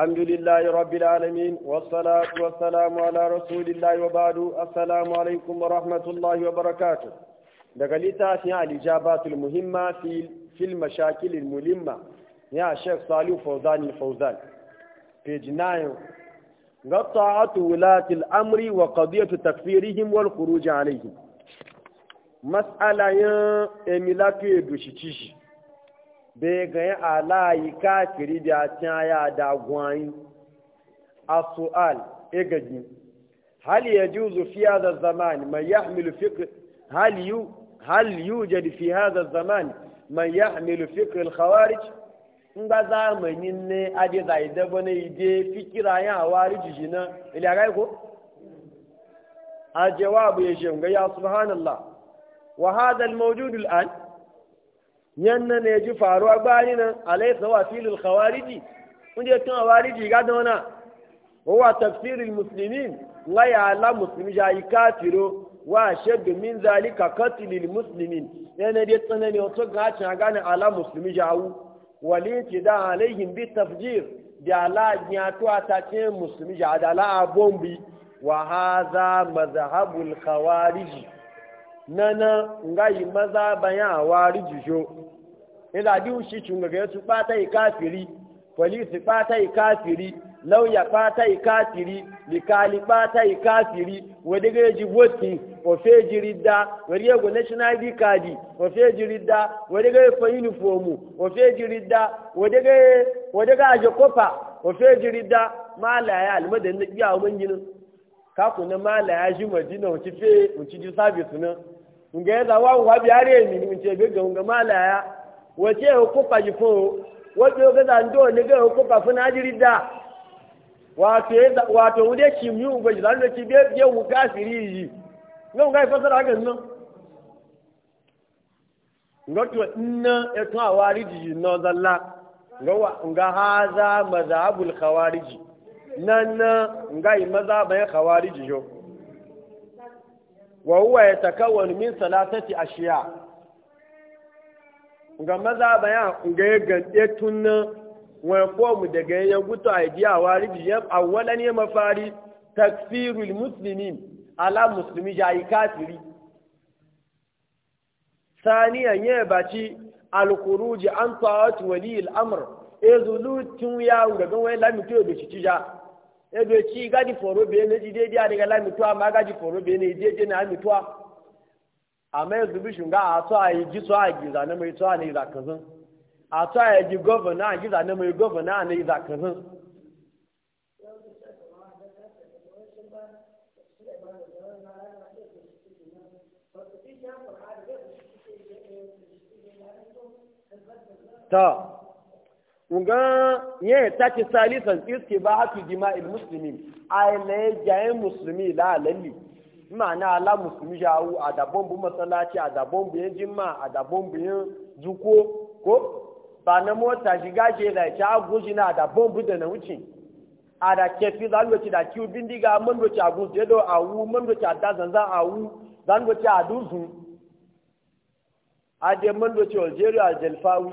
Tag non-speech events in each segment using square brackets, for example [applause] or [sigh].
الحمد لله رب العالمين والصلاة والسلام على رسول الله وبعد السلام عليكم ورحمة الله وبركاته دقلتا في الإجابات المهمة في في المشاكل الملمة يا شيخ صالح فوزان الفوزان في جنايه غطاعة ولاة الأمر وقضية تكفيرهم والخروج عليهم مسألة يا إميلاتي دوشيتشي bai ganye alayi kafiri da can ya da gwani a su'al igaji e hal ya juzu fi hada zamani mai ya hamilu fikir hal yujad fi hada zamani mai ya hamilu fikir khawarij in ba zamanin ne a da zai daba na ide fikira ya hawari jiji na ko a jawabu ya shi ga ya subhanallah wa hada al-mawjud al-an yanna ne ji faruwa gbani nan alaysa wa filul khawariji je tun awariji ga dona huwa tafsirul muslimin la ya la muslimi ja ikatiro wa shaddu min zalika qatlil muslimin yana dai tsanani wato ga ga gane ala muslimi jawu ti da alaihim bi tafjir da ala ya to atace muslimi ja da ala bombi wa hadha mazhabul khawariji nana yi maza bayan awari jijo ila di ushi shi ga su pata kafiri polisi pata kafiri lauya pata kafiri likali pata ikafiri wadiga ji voti ofe jirida wadiga go national id card ofe jirida wadiga fo uniform ofe jirida wadiga wadiga ajokopa ofe jirida mala ya almadan na biya mun ginin ka kuna mala ya madina wuci fe wuci ji service nan ngeza ya zawa wa biyare mi ni ce be ga nga malaya wace ko pa ji fo wato ga da ndo ne ga ko pa funa jirida wato ya wato wude ude chimyu u ga zan ki be be wu kafiri yi nga nga fasara ga nan nga to inna e to awariji yi no zalla nga wa nga haza mazhabul khawariji nan nga yi mazhabul khawariji yo وهو يتكون من ثلاثة أشياء ga maza bayan ga ya gande tunna wani komu daga ya gutu a biya wa rijiyar awwala ne mafari takfirul muslimin ala musulmi jayi kafiri Sani ya baci alkuruji an ta'atu wali al'amr ezulu tun ya ga gan wani lamitu da shi ebe chi gaji foro bie na ji daidai daga la mutuwa ma gaji foro bie na daidai na mutuwa amma Ama bishin ga a to a yi ji so a giza na mai to a ne za kazan a to a yi ji governor a giza na mai governor a ne za kazan ta nga ye ta ci salisan iske ba hatu jima'il muslimin a ne jayen musulmi la lalli ma'ana ala musulmi jawu a da bombu masallaci a da bombu yin jimma a da bombu yin zuko ko ba na mota shiga ce da ta guji na da bombu da na wuce a da kefi zalwaci da kiwu bindiga mandoci a guji da awu mandoci a dazan za a wu zalwaci a duzu a je mandoci algeria aljelfawi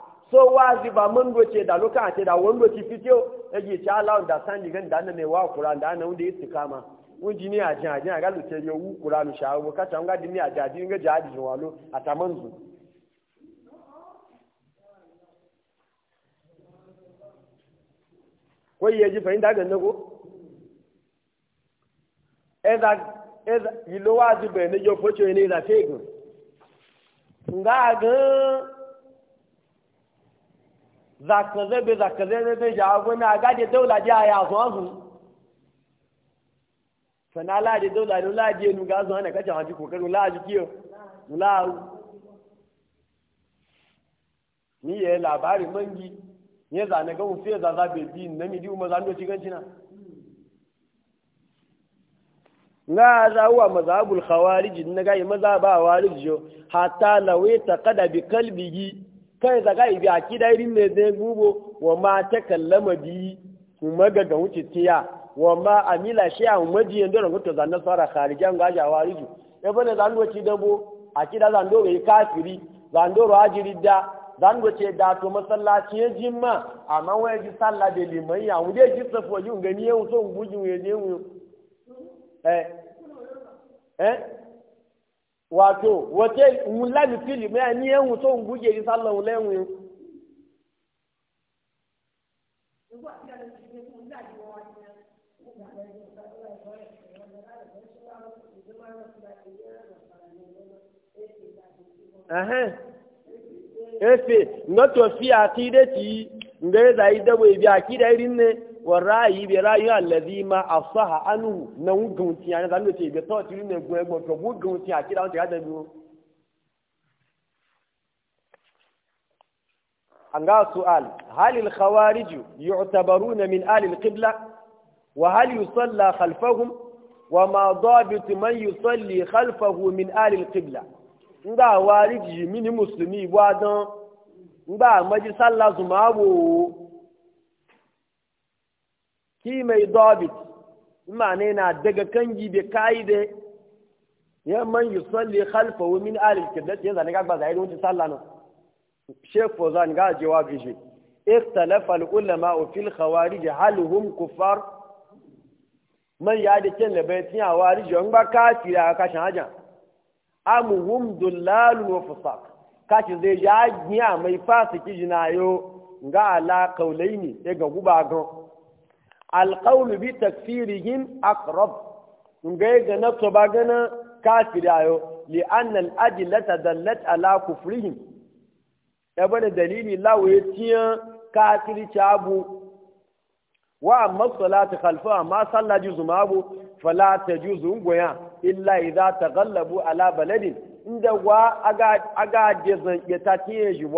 so wazi ba mun doce da luka ce da wani doci fitiyo yake ci Allah da san digan da nan ne wa Qur'an da nan wanda istikama un jini a jin a jin a ga luce yo wu Qur'an sha wu ka ta ga a jadi ga jadi jin walo a tamanzu ko ga wazi zakaze be zakaze be ja jago na ga de daula ja a zo su sana la de daula no la de nu ga zo na ka ja ji kokarin la ji kiyo la ni ye labari mangi ne za ne ga mu fe za za be bi na mi di umma za ndo cigan cina nga za huwa mazhabul khawarij na ga mazhaba warij hatta lawita qada bi kalbihi kai zaga ibi akida irin ne zai gubo wa ma ta kallama bi kuma ga wuce tiya wa ma amila shi a umaji yanda ran kuta zanna sara kharijan gaja wariju ya bane zan doci dabo akida zan do yi kafiri zan do rajiri da zan doce da to masallaci ya jimma amma wai ji sallah da limai ya mu ji safo ji ngani yau so ngujin ya je mu eh eh wato wace mun lami fili mai ni yan wuto mun buge ni sallan mun lewu Ahan. Efe, nga to fi akide ti, nga za idabo ibi akide irin ne, ورأي برأي الذي ما أصحى انو نوجون انا يعني ذا نوتي بيتو تيلي نبوي مطلو بوجون تيانا كي لانتي هذا نبو أنا سؤال هل الخوارج يعتبرون من آل القبلة وهل يصلى خلفهم وما ضابط من يصلي خلفه من آل القبلة ندا وارجي من مسلمي وادن ندا مجلس الله زماوه ki mai dabit ma'ana na daga kangi bai kayi da ya man yi salli khalfa wa min alil kiblat ya zane gaba zahiri wuce sallah nan shek fozan ga jawabi shi ikhtalafa al-ulama fil khawarij hal hum kuffar man ya da kin labai tin hawarij on ba kafira ka shan hajan amuhum dullalun wa fusaq kashi zai ya mai fasiki jinayo ga ala kaulaini sai ga guba gan alƙaunu bi takfirihim aqrab ngai ga na to ba gana kafir ayo li anna al adillata dallat ala kufrihim da bane dalili lawo ya tiya kafir abu wa amma salatu khalfa ma salla juzu ma abu fala tajuzu ngoya illa idza taghallabu ala baladin inda wa aga aga je zan ya ta tiye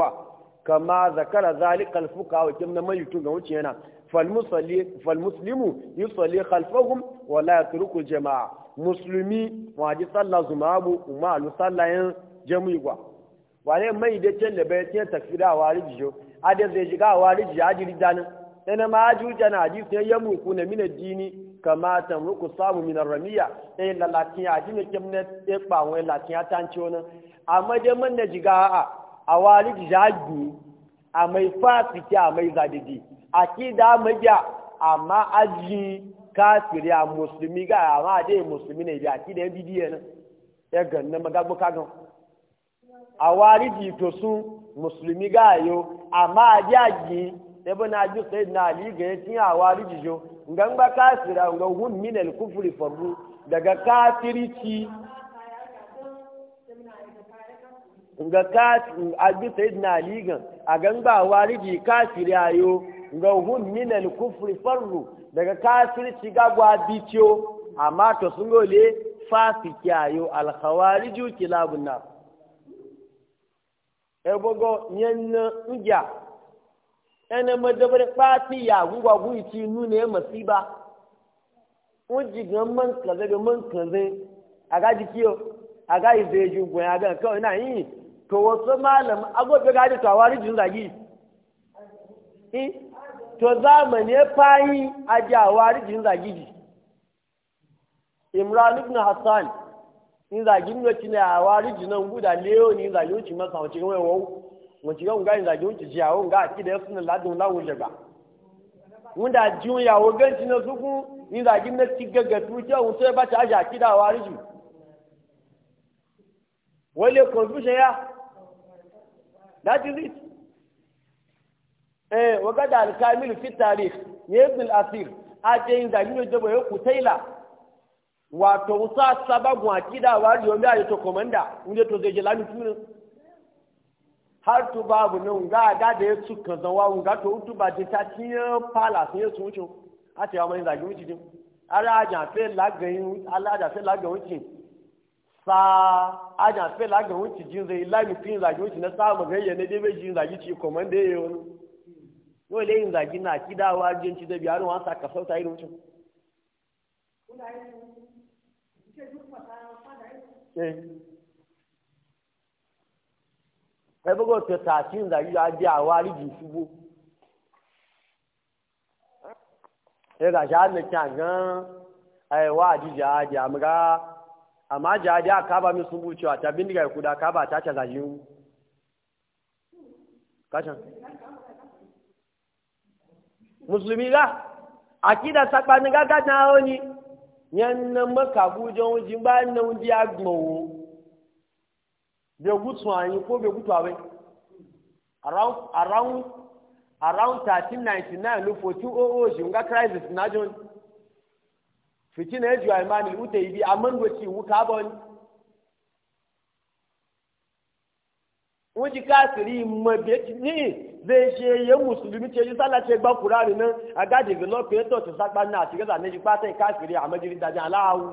kama zakara zalika al fuqa wa kimna mai yutu ga wuce yana فالمسلم يصلي خلفهم ولا يترك الجماعة مسلمي واجي صلى زمابو wane mai da can da bayan tiyan takfira a zai shiga jiri danin ma wuce na muku na mina dini kama samu minar ramiya ɗaya da latin ya kim na ɗaya latin ya tanci wani mai fasiki a mai zadidi akida magiya amma aji kafiri a musulmi ga amma a dai musulmi ne bi akida ya e bidiyo e nan ya e ganna magagbo kagan a wariji to su musulmi ga yo amma aji aji ebe na ji sai na ali ga ya tinya a ji jo ngan ba kafira ngan hun al kufri farru daga kafirici ga kafin abi sayyidina ali gan a gangba wariji kafiri ayo ga hun minal kufri farru daga kafirci gagwa biciyo amma to sun gole fasikiyayo alkhawariju kilabun nar ebogo nyenna ngya ene madabar pati ya gugwa guici nune masiba uji gan man kaze ga man kaze aga dikiyo aga izeju gwen aga kawai na yi to wasu malam agobe ga da tawarijin zagi eh to zamani fayi a jawa rijin zagiji imran ibn hassan in zagi ni wacce ne a wari jinan guda leo ni zagi wuce masa wace gawai wau wace gawai ga zagi wuce ji yawon ga aki da ya suna ladin lawon jaga wanda jiun yawo ganci na suku ni zagi na ci gaga tuke wuce ba ta aji aki da wari ji wale confusion ya that is it eh waga da alkamil fi tarikh ya ibn al-asir a ce yin zagi ne jabo ya kutaila wato wusa sababu akida wa riyo mi ayi to komanda inda to zai jelani tumin har tu babu nan ga da da ya su kan zan wawu ga to utu ba ta tiya pala sun ya sun wucin a ce ya mai zagi wuci din ara aja fe lagayin alaja fe lagayin wucin sa aja fe lagayin wucin jin zai lami fin zagi wucin na sa magayya ne dai bai jin zagi ci komanda yayi wani dole layin zagi na kidawa jinci da biyarin wasa ka sauta irin wucin ẹ bọ́gọ̀ tẹ̀tà tí ń zagi ajé àwọn a ṣubú ẹ gàṣà mẹ́kí àgán àìwá àjíjà ajé àmìrá àmà ajé ajé àkábà mi ṣubú tí wà tàbí nígbà ìkúdà àkábà àtàkà zagi ń musulmi la, akida sakpani gaga na oni yanna maka bujo wujin ba na wuji agbowo be gutu anyi ko be gutu awe around around around 1399 lo 4200 shi nga crisis na jon fitina eju imani ute ibi amango ti wuka bon wọ́n ti káàkiri ìmọ̀gbé ní ìdíje iye mùsùlùmí tí ojú sálà ṣe gbọ́ kúrárì náà agádìgbé lọ́pẹ́ tó ti sápá náà àti gẹ́gà méjì pátá ìkáàkiri àmọ́jírí dájà aláàwọ̀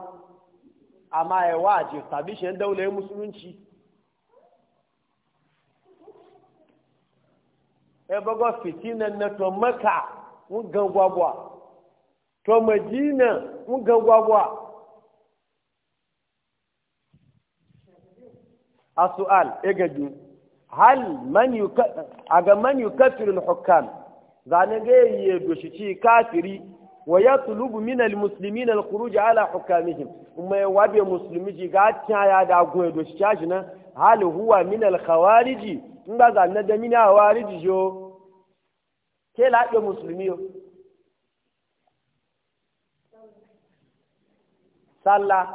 àmà ẹ̀wà àti tàbí ṣe ń dẹ́wọ́lẹ̀ mùsùlùmí. ẹ bọ́gọ́ fìtí nana tó mẹ́ka ń gan gbọ́gbọ́ tó ń gan gbọ́gbọ́. hal man a aga man yukafirin hukam zane ga yi doshi ci kafiri wa ya tulubu min almuslimi na alkhuruji ala hukamihim kuma ya wabe musulmi ji ga ta ya da goye doshi cashi na. hal huwa min alkhawariji in ba zane da min alkhawariji jo ke laɗe musulmi yo sallah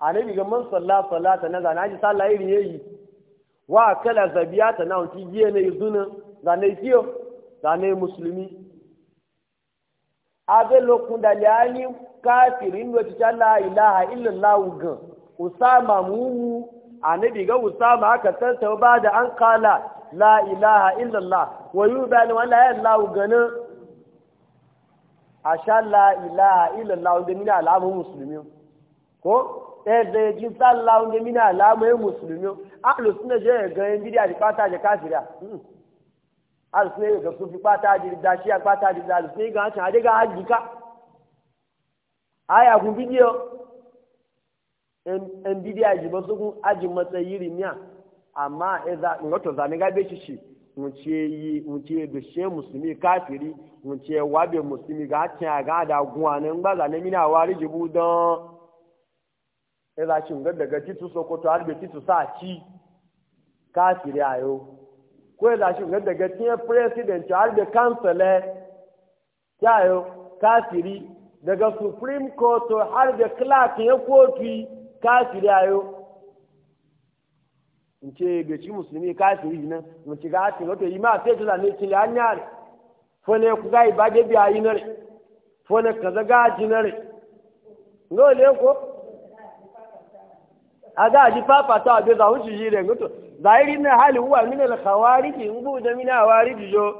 annabi ga man sallah sallah ta na zane aji sallah iri yayi wa kala zabiya na ti na ne zuna ga ne kiyo ga ne musulmi abe lokun da liyani kafirin wa ta la ilaha illallah ga usama mumu anabi, ga usama aka tantau ba da an kala la ilaha illallah wa yubani wala illallah gana asha la ilaha illallah ga mina alamun musulmi ko ẹ̀ẹ́dẹ̀ ẹ̀jì tá la oúnjẹ mí náà láàmú ẹ̀ mùsùlùmí alùsùn náà jẹ́ ẹ̀gàn ẹ̀ bídí àti alùsùn fi pátá àjẹ da sí apátá àjẹ da alùsùn ẹ̀gàn àti àdéga àjìká bídí ọ ẹ̀ bídí àjìbọ sókun àjìmọ̀tẹ̀ yìí rì mí à àmà ẹ̀dà ńlọ́tọ̀ zaniga bẹ́ẹ̀ ṣiṣì nce yi nce e musulmi kafiri nce wabe musulmi ga da ya za shi daga titu sokoto har da titu sa ci kafiri a ayo ko ya za shi daga tiyan president har da kansale ta yau kafiri daga supreme court har da clark ya kotu kafiri a yau in ce gaci musulmi kafiri nan mu ci gaci wato yi ma sai ta zane cile an yare fone ku ga ibage biya yi nare fone kaza gaji nare ngole ko aga ji papa ta be za hunci jire ngutu zahiri na hali huwa min al khawariji ngu da min wariji jo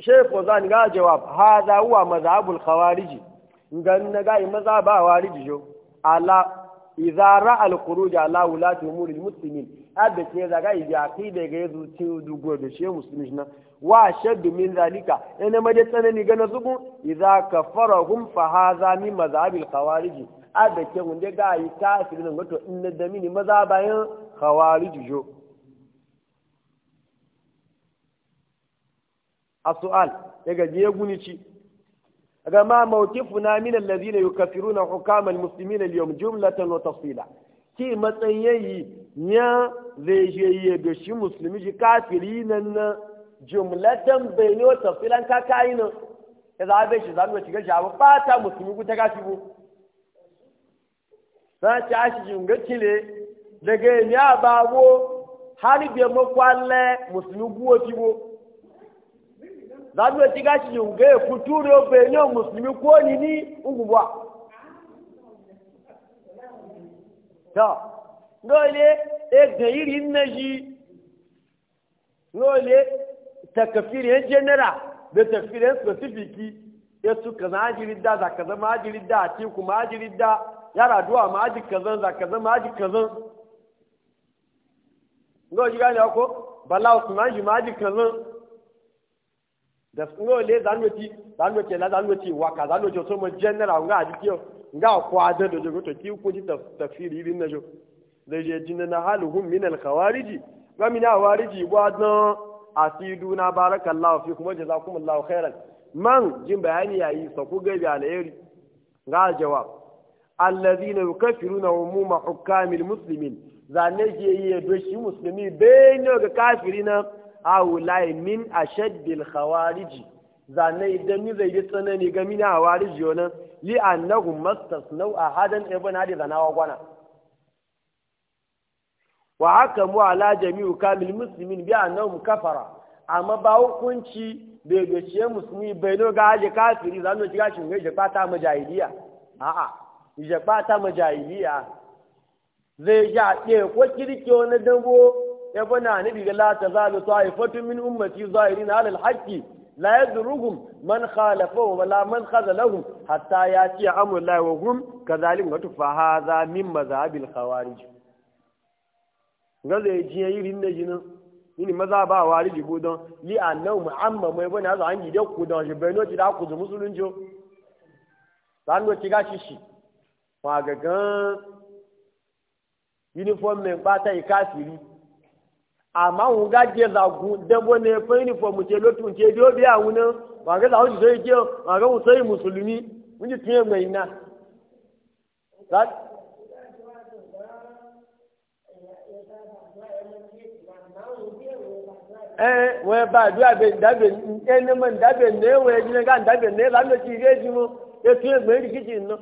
shef kozan ga jawab hadha huwa mazhabul khawariji ngan na ga mazhaba wariji jo ala idza ra al khuruj ala ulati umur al muslimin abbe ke za ga idi aqida ga yazu ti dugo da she muslimin na wa shaddu min zalika ina ma da tsanani ga na zugu idza kafarahum fa hadha min mazhabil khawariji ke wunde ga yi fi nan wato inna da mini maza bayan hawari jujo a su'al ya gaji ya guni ci ga ma mawkifu na min allazina yukaffiruna hukama almuslimina al-yawm jumlatan wa tafsila ki matsayayi ya zai je da shi musulmi ji kafiri nan na jumlatan bayni wa tafsilan ka kai nan ya zabe shi zamu ci ga jawo fata musulmi ku ta kafiru láti aṣíṣe ń gẹ́kìlẹ̀ lẹ́gẹ́ èmi àbáwó hálìbí ẹmọ kwalẹ̀ mùsùlùmí gbúwo ti wo lábẹ́ ti káṣíṣe ń gẹ́ èkútú rẹ̀ obìnrin náà mùsùlùmí kó ní ní ngùbọ̀. tọ́ yìí rí nná yìí dá dá àtìkù dá. yara duwa ma aji kazan za kazan ma aji kazan ngo ji gane ko bala usman ji ma aji kazan da ngo le zan yoti zan yoti la zan yoti wa ka zan yoti so mo general nga aji kiyo nga ko da do jo to ki ko ji tafsir ibn najo da je jinna na haluhum min al khawarij wa min al khawarij wa dan asiduna barakallahu fikum wa jazakumullahu khairan man jin bayani yayi sa ku ga bi alheri ga jawab allazina yukaffiruna umuma hukamil muslimin zane ke yi do shi musulmi bayyana ga kafiri na awulai min ashaddil khawariji zane idan ni zai yi tsanani ga mini hawariji yana li annahum mastasnau ahadan ibn hadi zanawa gwana wa haka mu ala jami'u kamil muslimin bi annahum kafara amma ba hukunci bai gaciye musulmi bai no ga aje kafiri zanu shiga shi ga fata majahiliya a'a ìjẹ̀pá àtàmọ̀jà ìlíyà zai ja ɗaya ko kirki wani dango ya bana nabi ga lata za da ta haifatu min ummati zahiri na halal haƙƙi la ya zuruhum man khalafa wa la man khazalahum hatta ya ci amur la wa hum kazalim wa tufa hadha min maza mazhabil khawarij Zai ji yayi rin da jinin ni maza ba wariji bu don li annahu mu'amma mai bana za an gide ku don shi bai no ci da ku zu musulunci dan go ci gashi shi wọn àgàgán uniform men pátá yìí káàkiri àmọ́ àwọn gájẹ́ gun dẹ́gbọ́ ní ẹ̀fọ́ uniform ṣe lótú ṣe bí ó bí àwọn náà wọn àgàgán àwọn òṣìṣẹ́ yìí jẹ́ wọn àgàgán òṣìṣẹ́ ti wɛn ba a bɛ da bɛ ɛnɛmɛ da bɛ nɛ wɛn jinɛ ka da bɛ nɛ la mɛ ti yɛ di mo etu yɛ gbɛ ɛdi kiti nɔ.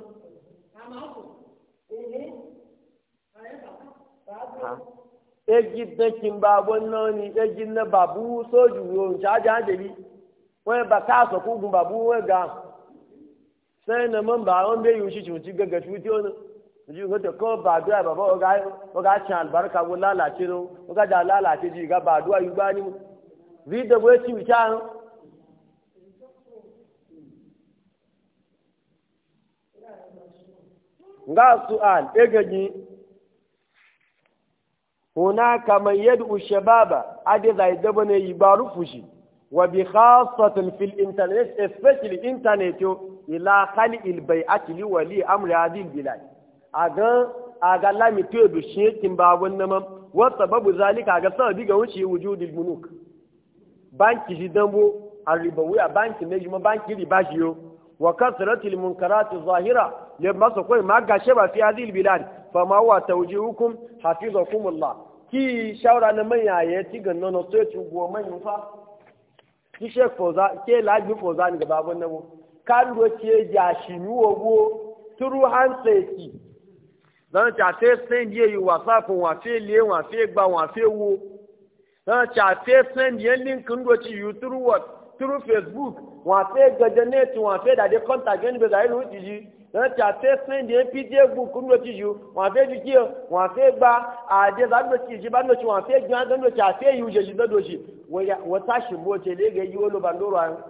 egi bekin babon noni egi na babu soju ohun jaji ajeli wọn ba kó gun babu wọn ga sẹyìn na mọmba wọn bẹ yòó ṣiṣẹ ti gẹgẹ tu tí ó nù ojú kò tó kọ bàdúrà bàbá ọgá ọgá tiẹ àlùbáríkà wọn lálàtí nù ọgá jà lálàtí ìgbà gbá rí هناك من يدعو الشباب أدزا يدبن يبارو فشي وبخاصة في الإنترنت especially الإنترنت إلى خلق البيعة لولي أمر هذه البلاد أغن أغن لم يتوب الشيء تنباون نمم وسبب ذلك أغن سبب وشي وجود المنوك بانك جدنبو الربوية بانك نجم بانك رباشيو وكثرة المنكرات الظاهرة لما سكوين ما قشبه في هذه البلاد فما هو توجيهكم حفظكم الله ki shawara na manya ya ci ganna na so ci go manyan fa ki foza ke laji foza ni gaba ban nabo kan do ce ja shi ni wogo turu handset ki dan ta te send ye yi whatsapp wa fe le wa fe gba wa fe wo dan ta te send ye link ndo ci you through what turu facebook wa fe gaje wa fe da de contact ni be da ilu ti ji ẹ̀tì àti sẹ́ndì apd egun kúrú ló ti yù wọ́n fẹ́ ju kí ẹ wọ́n fẹ́ gba àdé lánàtì ìjìbá lóṣù wọ́n fẹ́ gbin lánàtì àti èyí òjèjì lọ́dọ̀ọ̀ṣì wọ́n táṣì mú ọ̀tẹ̀ léègé yí ó ló bá lóru àrùn.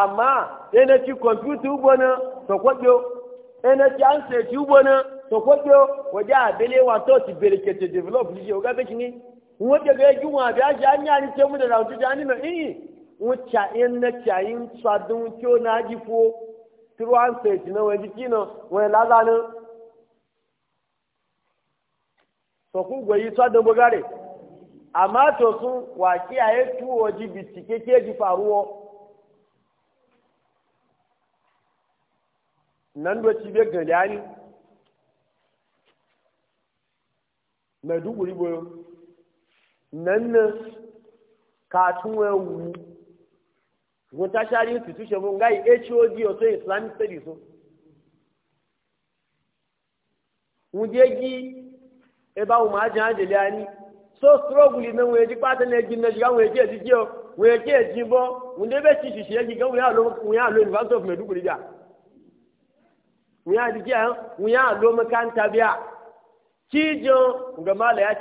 àmọ́ ẹni tí kọ̀mpútà ń gbóná tọ̀kọ́jọ́ ẹni tí ansẹ̀tì ń gbóná tọ̀kọ́jọ́ wọ́n jẹ́ àbẹ́lẹ́ wa tó ti bèrè kẹ̀tẹ̀ develop turu an stage na wani jiki na wani lazanin sokun gwayi tsadon bugare amma to sun wa kiyaye tuwo ji bitike ke ji faruwa nan do ci be gada ni mai duguri boyo nan ne katun wani wuri wata shari institution mun gai hod o so islamic studies o mun je gi e ba ma jan de so struggle na we ji pata na gi na ji gawe je ji ji o we je ji bo mun de be ti ti se ji gawe ya lo mun ya lo university of Maiduguri ja mun ya di ji an ya lo makanta biya ki jo ga mala ya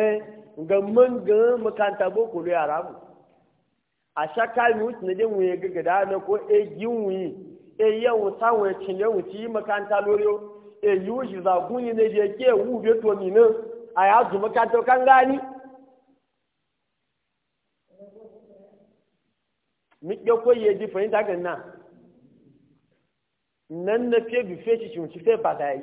eh ga man ga makanta boko lo yara mu a shaka mi wuce na jin wuye ga gada na ko e gin wuyi e yawo sawo cin yawo ci makanta loriyo e yiwu shi zaguni ne je ke wu be to ni nan a ya zu makanta kan gani mi ke ko ye di fahimta kan nan nan na fiye bi fe ci wuce fe ba da yi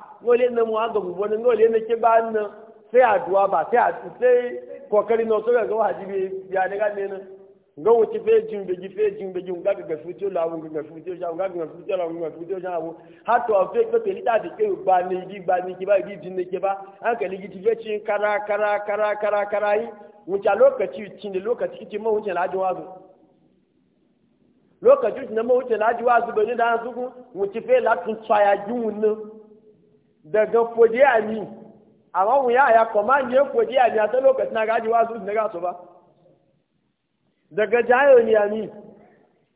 ngole na mu aga bu bona ngole na ke ba na sai aduwa ba sai adu sai kokari na so ga wajibi ya ne ga ne na nga wuce fe jin be ji fe jin be ji nga ga futi la wo nga futi ja nga ga futi la wo nga futi ja wo ha to fe ko te ni da de ke ba ni ji ba ni ki ba ji din ne ke ba an ka ni ji fe cin kara kara kara kara kara yi wuce lokaci cin da lokaci ki ma wuce la jawa zo lokaci na ma wuce la jawa zo be ni da su ku ci fe la tun tsaya ji daga foje a ni amma mu ya ya kuma ne foje a ni a ta lokacin na gaji wasu na gasu ba daga jayo ni a ni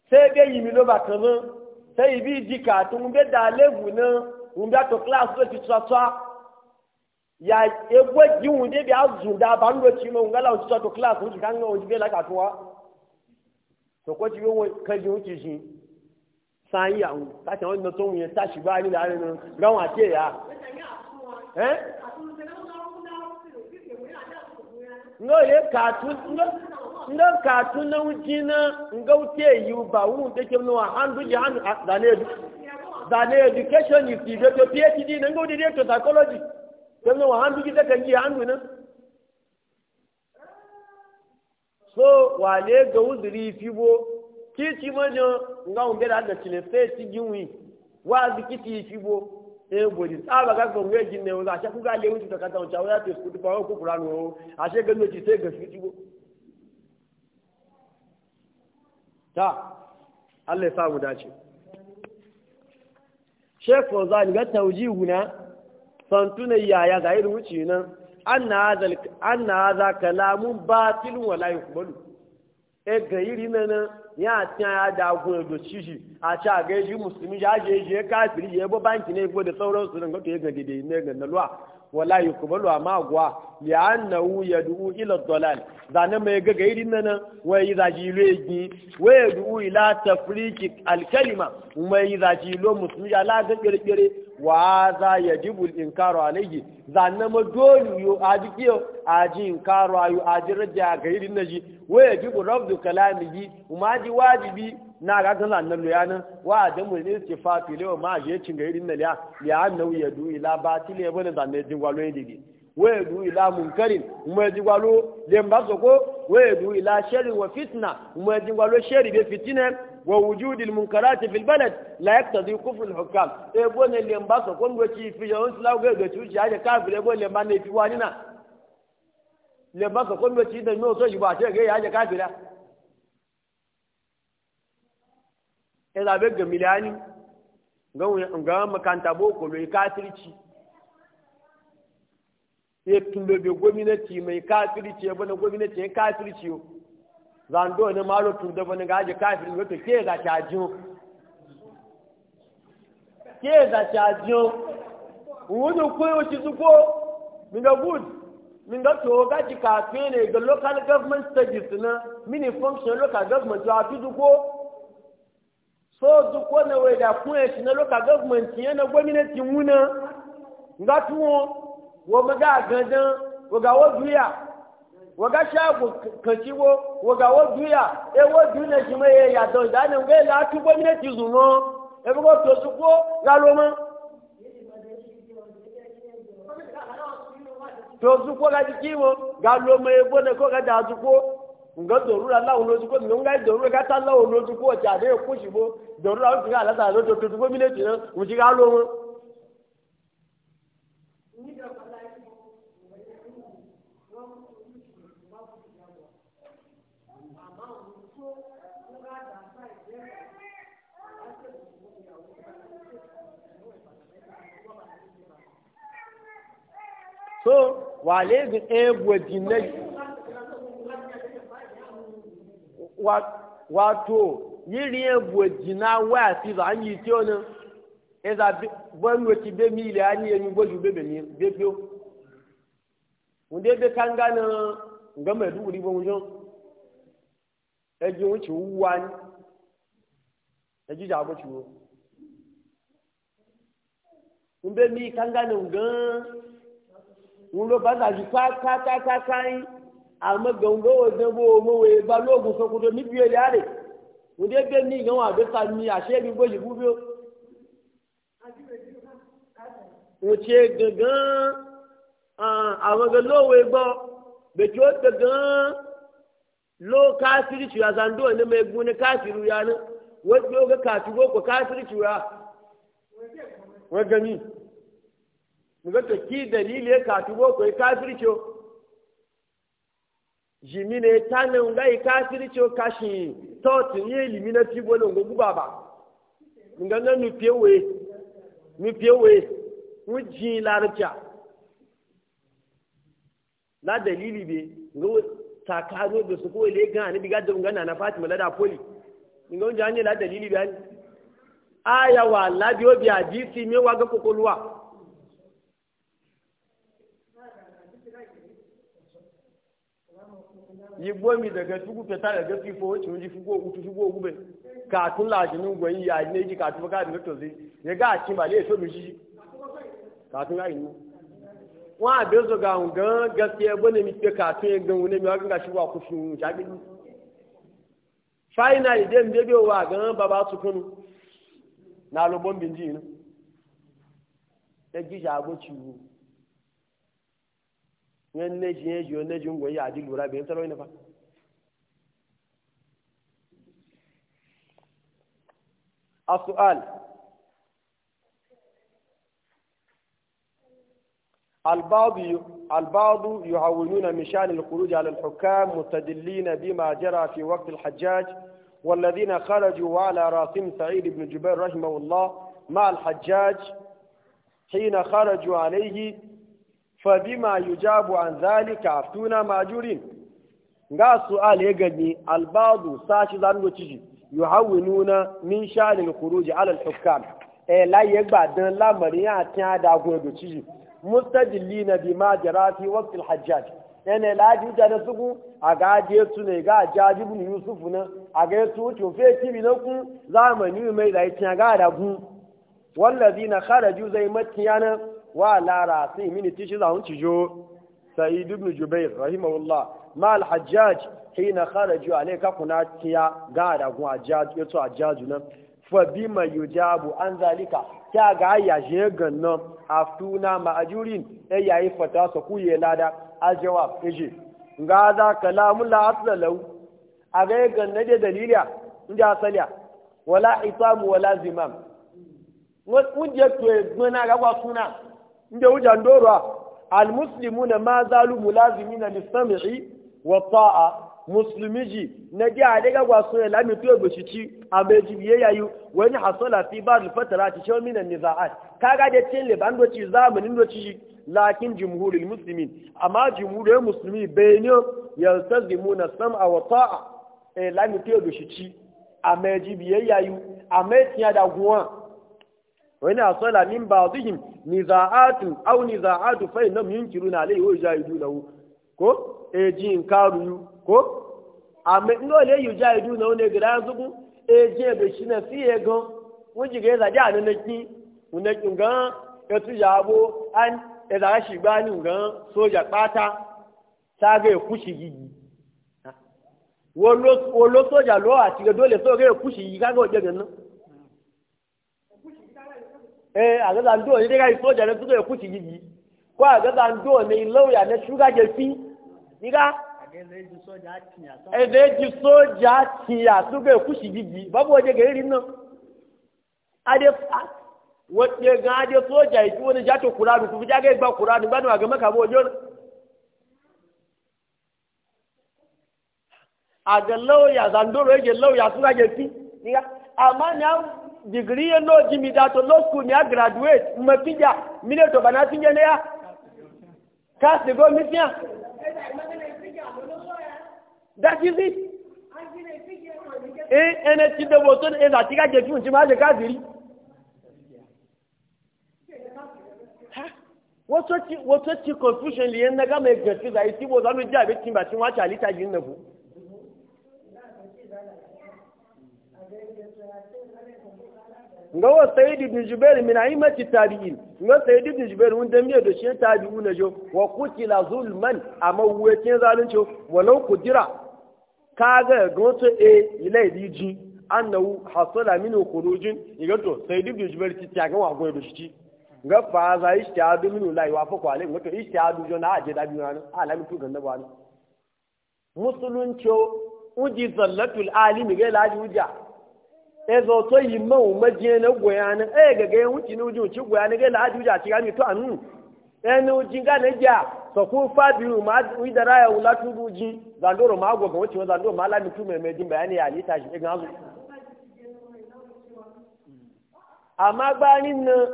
sai bai yi milo ba kan sai ibi jika tun bai da lebu na mun bai e to class to ti tsatsa ya egbo jiwun de bi azu da ba ndo ci ma ngala o ti to class o ti kan o ti be la ka to wa to ko ti wo kan jiwun ti shin sáyé àwọn láti àwọn ìdán tó ń yẹn táṣì bá nílẹ̀ àárín nu gáwọn àti ẹ̀yà. ńgọ́ kàtú ńgọ́ kàtú náà jiná ńgọ́ tẹ̀ yìí bá wù tẹ̀kẹ́ nù àhándú jẹ́ hàn dàní edu dàní education is the way to phd náà ńgọ́ dídí ètò psychology tẹ̀kẹ́ náà. so kici majo nga unge da da cile fesi jinwi wa zikiti chibo e bodi saba ga ko nge jinne wa ashe ku ga le wuti ta kata cha wa tes ku pa ku kuranu ga no se ga shi chibo ta Allah ya sa mu dace Sheikh Fawzan ga tawjihu na santuna yaya ga irin wuci nan anna hadha anna hadha kalamun batil wa la yuqbalu e ga nan ní àti àyàdà agun èdò ṣíṣì àti àgẹ́jì mùsùlùmí ṣáàṣì èṣì káàkiri yẹ bó báńkì ní ìgbóde sọ́rọ́ òṣèlú nǹkan tó yẹ wala yi a maguwa ya annahu ya du'u ila zane mai gaga irin zaji alkalima mai yi zaji wa za ya jibul in karo alaihi zanna ma dole yi a jikiyo a ji in karo ayu a ji rajja ga irin na ji wa ya jibu rabdu kalami kalamihi kuma ji wajibi na ga ta zanna lo yana wa adamu ne su ke fafi lewa ma je cin ga irin na liya ya annahu ya la ba ti ya bane zanna jin gwalo ya dide wa ya du ila munkarin kuma ya ji gwalo lemba soko wa ya du la sharri wa fitna kuma ya ji gwalo sharri be fitina wa wujudil munkarati fil balad la yaqtadi kufr al hukam e bone le mbaso kon go ci fi yo islam go go ci aje kafire bone le mane fi wani na le mbaso kon go ci da no so yuba ce ga aje kafira e da be ga milani ga ga makanta boko lo kafirci ya tumbe gwamnati mai kafirci ya bane gwamnati ya kafirci yo zando ne malo tu da bani gaje kafin wato ke za ta jiyo ke za ta jiyo wudu koyo shi zuko min da good min da to ga ji kafin ne ga local government studies na mini function local government to atu zuko so zuko na we da kun shi na local government yen na gwamnati muna ngatuwo wo maga gandan Wa ga wo duya waga shago kaci wo waga wo duya e wo duya shi mai ya do da nan ga la tu gwamnati zuno e bugo to su ko ga lo ma to su ko ga jiki mo ga lo ma e bona ko ga da su ko nga dorura la ulo su ko nga dorura ga ta la ulo su ko ja de ku shi bo dorura su ga la ta lo to su ko mi le ti na mu ji ga lo mo so wale bi egwe jinai wato yiri egwe jina wa si za anyi ti ona e za bonwe ti be mi ile ani emi gboju be mi be pio unde be kanga na ngama du ri bonjo eji won ti wa ni eji ja bo ti wo unde mi kanga na ngan ńlọ bàtà sí kákákáká yín àmọ́ gbọ̀ngàn òde wo owó wo ìgbà lóògùn sokoto níbi èlé àrè òde gbé ní ìyàwó àbẹ́fà ní àṣẹ mi gbòòjì fúnfẹ́ o ṣe gangan àwọn gan lóòwò gbọ́ bẹ̀tí ó ṣe gan ló káàsìrì ṣùgbọ́n àzàndó ẹni mọ egun ní káàsìrì ya ní wọ́n ti ó gbé káàsìrì ó kọ káàsìrì ṣùgbọ́n wọ́n gan yìí. muga to ki dalili ya katu bo ko kafirco jimine tane tana nga ya kashi tot ni elimi na ti bolo ngo baba ba na nu piewe nu piewe mu ji larabta la dalili be ngo takano da su ko le ga ni biga da ngana na Fatima lada da poli ngo janye la dalili be aya wa la bi obi mi wa ga kokoluwa yigbo mi daga tugu feta daga fifo wacce mun ji fugo utu fugo gube ka tun laji nun yi, ya ne ji ka tuba ka da to zai ya ga ci ba le to miji ka tun ga inu wa be zo ga un gan gaskiya bane mi ke ka tun gan wune mi wa ga shi wa ku shun ja bi finally dem be be wa ga baba su kunu na lo bombin ji ni e ji ja go ciwo ŋan ne shi ne shi ne shi ngwe ya ji lura bai tsaro ne fa السؤال البعض البعض يعولون من شان الخروج على الحكام مستدلين بما جرى في وقت الحجاج والذين خرجوا وعلى راسهم سعيد بن جبير رحمه الله مع الحجاج حين خرجوا عليه fabima yujabu an zalika aftuna majurin ga su'al ya gani albadu sashi zango ciji nuna min sha'anil khuruj ala al-hukam eh la gba dan lamarin ya tiya da godo ciji mustajillina bima jara fi waqt al-hajjaj yana la na da suku a gaje su ne ga jaji ibn yusuf na a ga su to fe na ku zamani mai da tiya ga da gu wallazina kharaju zai matiyana wa lara sai mini tishi za hunci jo sa'id ibn jubair rahimahullah ma al-hajjaj hina kharaju alayka kuna tiya ga da gun hajjaj yato hajjaj nan fa bima yujabu an zalika ta ga ya je ganna aftuna ma'ajurin e yayi fata sa ye lada ajawab eje ga za kalamul aslalu asla a ga ganna da dalila inda asaliya wala isamu wala zimam mun je to e, gona ga suna inda wujan dora almuslimuna ma zalu mulazimina lisam'i wa ta'a muslimiji na ji a daga gwaso ya lami tuyo ba shi ci a bai ji biye yayu wani hasola fi ba da fatara ci shawar minan niza'at kaga da cin liban doci zamanin doci lakin jumhurin musulmi amma jumhurin musulmi bai ne yalta zimu na sam'a wa ta'a A e, lami tuyo ba shi ci a mai ji biye yayu a mai tiya da guwa wani a sola min ba zuhim niza'atu au niza'atu fa innam yunkiruna alayhi wa wu ko e jin karu ko amma in no le wu ne gira zubu e je be shine fiye go wuji ga za ja nan ki unakin ga ya tujabo an e da shi bani ga soja kpata ta ga kushi gigi wo lo wo lo soja lo ati ga dole so ga kushi gigi ga go je ganan eh a ga ndo ne ga soja ne tuzo ya kuci gigi ko a ga ndo ne ya ne shuga je fi diga eh ne ji soja tiya su ga kuci gigi babu waje ga irin nan ade wace ga ade soja yi wani jato kuranu ku fi jaga ba kuranu ba aga maka bo jon a ga lauya zandoro yake ya suga je fi diga amma ne degree yẹn lọ jimi mi dá tó law school a graduate mọ̀ fíjà mílíọ̀nù tó bàná fíjà ní yá káàsì gó mi fíà. that is it. E, eh, ẹnẹ ti dẹ̀wọ̀ tó ẹ láti ká jẹ fíìmù tí máa lè káàsì rí. confusion liyan na gama ya gafi zai ti bo zamu ji abin ba cin wace halitta yin bu nga wa sayyid ibn jubair min aimati tabi'in nga sayyid ibn jubair wun dan miya da shi tabi'u na jo wa qutila zulman amma wace zalunci walau kudira kaga goto e ilai diji annahu hasala min khurujin to sayyid ibn jubair ti ta ga wa goyo da shi nga fa za ishtihadu min ulai wa fa kwale ngato ishtihadu jo na aje da biyu na mi tu ganda ba ni musulunci uji zallatul alimi ga laji uja ezo to yi mawu maje na goya nan eh gaga yan wuci nuji wuci goya ne ga laji wuci a cikin mi to anu en eh, uji ga ne ja to ku fa biu ma wi da raya wula tu buji zandoro ma go ga wuci wa zandoro ma la mi tu me me jin bayani ya lita shi e ga zu amma ba ni nan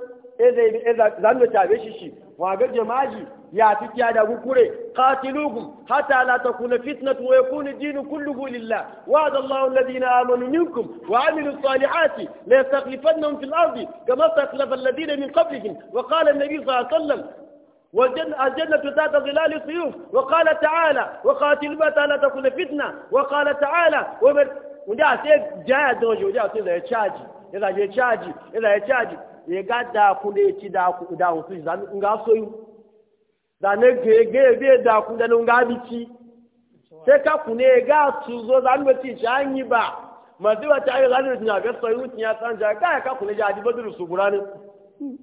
zanu tabe shi shi waga jama'i ya fi kiya da gukure qatiluhum hatta la takuna fitnatun wa yakuna dinu kulluhu lillah wa'ada Allahu alladhina amanu minkum wa 'amilus salihati la yastakhlifannahum fil ardi kama istakhlafa alladhina min qablihim wa qala an-nabiy sallallahu alaihi wasallam والجنة الجنة ذات ظلال السيوف وقال تعالى وقاتل متى لا تكون فتنة وقال تعالى ومن ودا سي جاد دوجو ودا سي لا يشاجي إذا يشاجي إذا يشاجي ya ga da ku da da ku da wasu shi nga soyu da ne ga ga be da ku da nga bici sai ka ku ne ga su zo zami ba ci janyi ba mazi ba ta yi zami da ga soyu tin ya san ja ka ka ku ne ja di badru su burani hmm.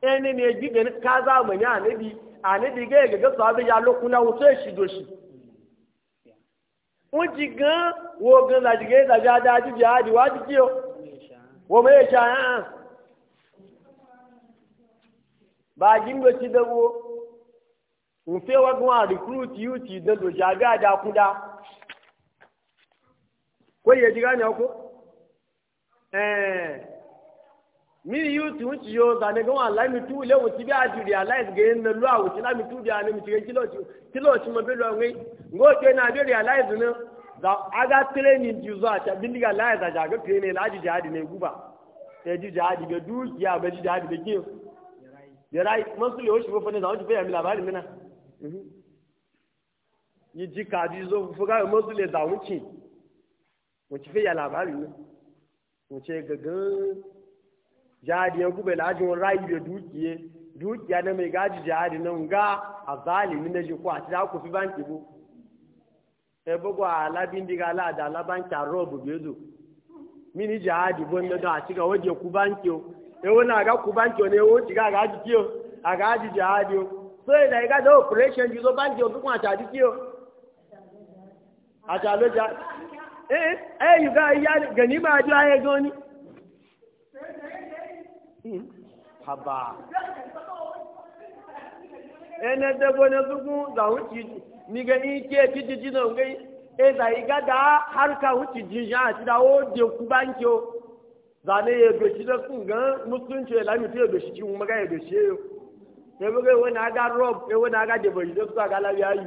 ene ne ji gibe ka zamani anabi anabi ga ga sahabi ya lokuna wuce shi do shi wọ́n ti gan wo gan làjìgẹ́ ìtàjá adájú jẹ́ àdìwádìí kí o wọ́n mẹ́rin ṣe àyàn bàjí ń gbé dẹ́wọ́ nfẹ́ wọ́n gan àrìkúrútì yóò ti mini yuti wuci yo zane ga wa la mi tu le wuci bi ajuri ala is ga na lwa wuci la mi tu bi ani mi tu kilo ci kilo ci ma be lwa ngai ngo ke na be ri ala is ne da aga training ju za ta bin diga la za ga ga training la ji jadi ne guba te ji jadi be du ya be ji jadi be ki ya rai masu le wuci ba fa ne da wuci be ya mi labari mina mhm. yi ji ka ji zo fu ga masu le da wuci wuci fe ya labari ne wuce gagan jihadi ya aji lajin dukiye dukiya na mai gaji jihadi na nga a zalimi na kwa ta ku fi banki bu e bugu a diga la da banki a robu mini jihadi bon da da ci ga waje ku banki o e wona ga ku banki o ne e o ga a ga ji o so e da e ga operation zo banki o kwa ta a lo ja eh eh you ga ya Hm? haba ene debo ne zugun ni ga ni ke kiji jina ngai e da iga da har ka ti zane ye da ga la mi te shi ki mu ga ye shi yo e bo ga wona ga rob e wona ga de bo ga la ya yi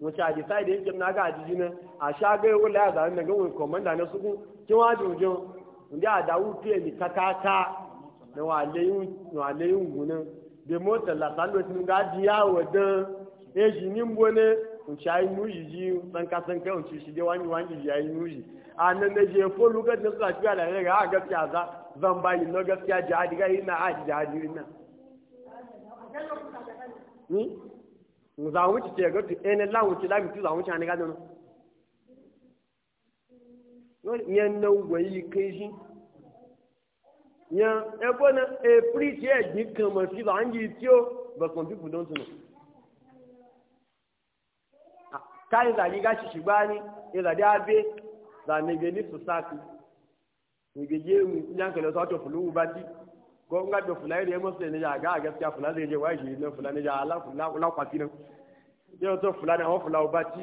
mo sai de e na ga ji jina a sha ga yo la da ne ga won commander ne su kun kin wa ada e ni na walayin gunan da mota lasalo sun gaji yawo don ya shi nin bone in ci ayi nuji ji san ka san kai in ci shi dai wani wani ji ayi nuji a nan na je ko lokacin da suka shiga da ne ga gaskiya za zan bayi na gaskiya jihadi ga ina a jihadi ina ni mu za mu ci ce ga tu ene la mu ci la mi tu za mu ci ne ga don no yen no wayi kai shi yan ẹgbọ́ na èprí tí ẹ̀gbìn fi mọ̀ sí láńjì tí ó bẹ̀kùn bí kùdó ń tunu. ká ìlàdí ká ṣìṣì gbá ní ìlàdí abé làmẹgbẹ ní sòsáàtì ìgbèjì èwù ní àkàlẹ̀ ọ̀tọ̀ àtọ̀ fúlùú bá dí gbọ́ngà tó fúlà ìrìn ẹmọ́ sílẹ̀ níjà àgá àgẹ́ a fúlà lè jẹ wáyé yìí náà fúlà níjà aláfúlà lápàtì náà yóò tó fúlà náà wọ́n fúlà ọba tí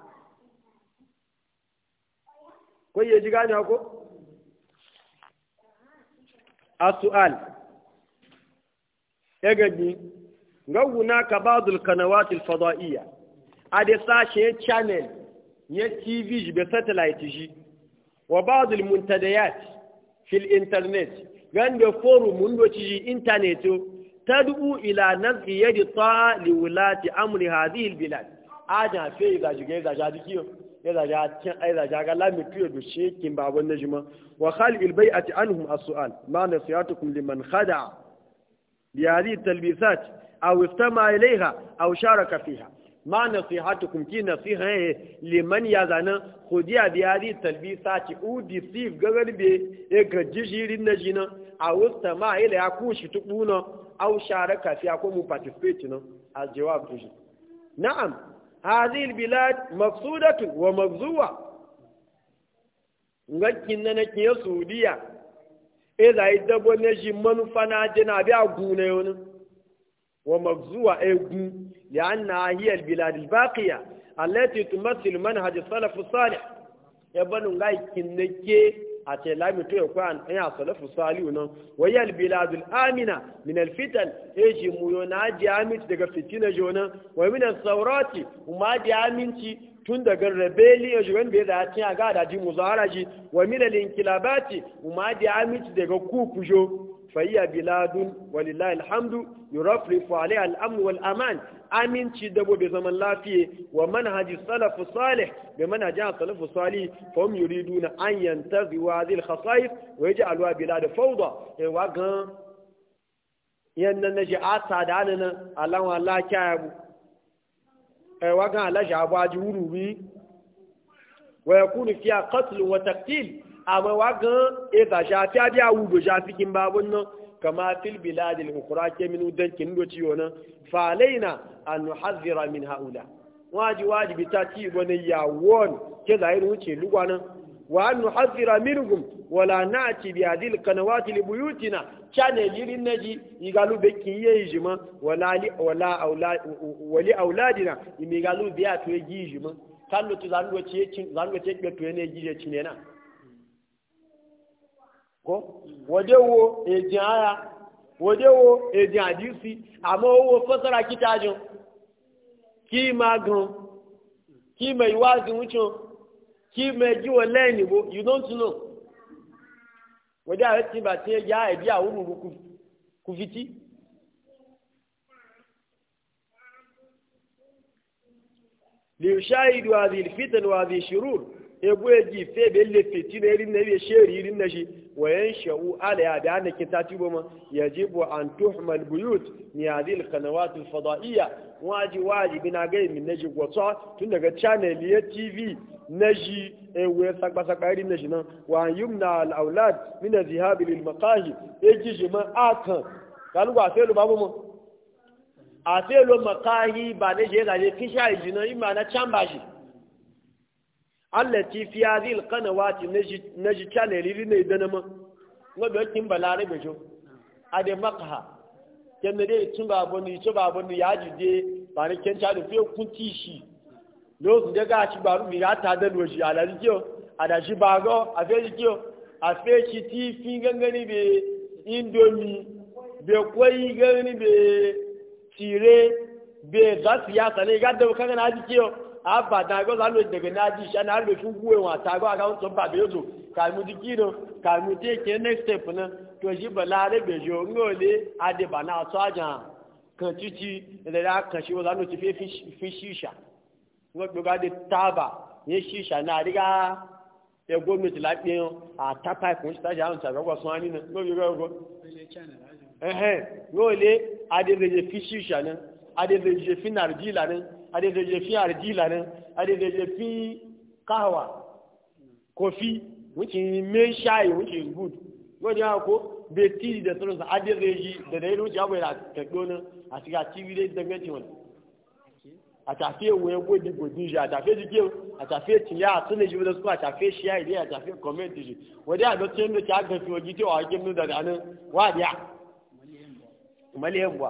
ko ya ji gane ko a sual ya gaji ga ka ba'dul kanawat fadaiyya a da sashe channel ya TV da satellite ji wa ba'dul muntadayat fil internet ganda forum mun doci internet dubu ila naz'i yadi ta li wulati amri hadhihi al-bilad aja fe ga jige jadi kiyo ya zaja cin ai zaja ga lami tuyo da shi kin ba wannan jima wa khalil bai'ati anhum as-su'al ma nasiyatukum liman khada bi hadhihi talbisat aw istama ilayha aw sharaka fiha ma nasihatukum ki nasiha liman yazana khudiya bi hadhihi talbisat u deceive gagarbe e ga jishirin na jina aw istama ilayha ku shi tubuna aw sharaka fiha ko mu participate no as jawab to na'am هذه البلاد مفسودة ومغزوة ngakin na na ke saudiya e za yi dabo na shi manufa na je na bi a gune wani wa magzuwa e gu ya an na hiyar biladil baqiya allati tumassil manhaj salaf salih ya banu ngakin na ke a ce lami to ya kwan an ya salafu salihu nan wayal biladul amina min al fitan e ji na daga fitina jona wa min al saurati umma ji aminci tun daga rebeli ya jiran bai da tin ga da di muzaraji wa min al inkilabati umma ji aminci daga kukujo فهي بلاد ولله الحمد يرفرف عليها الأمن والأمان آمين تشدبوا بزمن لا فيه ومنهج السلف الصالح بمنهج السلف الصالح فهم يريدون أن ينتزعوا هذه الخصائص ويجعلوا بلاد فوضى إيه وقام يننجي آتا داننا الله والله كابو إيه وقام الله جعبوا جورو ويكون فيها قتل وتقتيل amma wa kan e ta sha ta biya a do sha fikin babun nan kama fil biladil ukra ke minu dan kin do nan fa alaina an nuhadhira min haula waji wajibi ta ci bane ya won ke zahiri wuce lugwanan wa an nuhadhira minhum wala na'ti bi hadhihi alqanawati li buyutina chane lirin naji igalu be ye jima wala li wala aulad wali auladina imigalu biya to jima kallo to zanwo ce cin zanwo ce to ne gije cinena ko waje wo eji aya wɔde wo eji hadisi amma owó fasara kitajin ki ma gan ki mai wazi wucin ki mai jiwa lẹ́yìn bo you don't know waje a ti ba ya ebi a wuru kufiti ليشاهدوا ebo eji fe be le feti na irin na be sheri irin na shi wayan sha'u ala ya da annakin ta tubo ma yajibu an tuhmal buyut ni hadhihi al qanawat al fada'iyya waji wajibi na ga min naji gwata tun daga channel ya tv naji e we sagba sagba irin na shi nan wa yumna al aulad min azhab lil maqahi eji jima akan kalu ba fe lo babu mo afe lo maqahi ba ne je da je kisha ijina ima na chambashi allati fi hadhihi alqanawati naji channel ri ne dana ma ngo be kin balare be jo ade makha ken ne tun ba bonu to ba bonu ya jide ba ni ken chadu fi kun tishi lo su daga shi ba ru mi ya ta da loji ala ji jo ada shi ba go a fe ji jo a fe shi ti fi gangani be indomi be koyi gangani be tire be za siyasa ne ga da kan na ji jo àbàdàn agbọ́sà ló dẹ̀gbẹ̀ náà di iṣẹ́ náà lè fún wúwo ìwọ̀n àtàgbọ́ àkáwọn bàbá yóò tó kàmú kí nù kàmú tí èké step nù tó bọ̀lá arẹ́gbẹ̀jọ ńlọ́ọ̀lé adébà náà tó àjà kan títí ìrẹ̀lẹ̀ àkànṣe wọn lánàá ti fẹ́ fi ṣíṣà wọ́n gbọ́dọ̀ adé tábà ní ṣíṣà náà àríkà ẹgbó mi ti lápẹ́ yẹn àtàpá ìkùn ṣíṣàjà àwọn ìṣàgbọ́gbọ̀ sọ wọn nínú lórí rẹ́gbọ́. ẹ̀hẹ́n lóòlé fi ṣíṣà náà adébẹ̀jẹ̀ fi nàìjíríà náà adédèjé fi àrèjì lànà adédèjé fi káhàwà ko wọ́n ti mé ṣáì da ti gùd wọ́n ti hàn kó bẹ́ẹ̀ tí ìdẹ̀ sọ̀rọ̀ sọ adédèjé dẹ̀dẹ̀ ìlú ti àbọ̀ ìlà kẹ̀kẹ́ ọ̀nà àti àti ìwé dẹ́gbẹ́ ti wọn. àtàfé ewu ẹgbẹ́ ìdìbò ìdíje àtàfé dídé àtàfé tìlẹ̀ àtúnlẹ̀jì wọlé sukú àtàfé ṣíà ìdí àtàfé kọ́mẹ́ntì jù wọ́n dẹ́ àdó tí ó ń lò tí a gbẹ̀fẹ̀ òjì tí wàá jẹ́ mú dàdà da wáàdí wa ìmọ̀lẹ́ ẹ̀ bùà.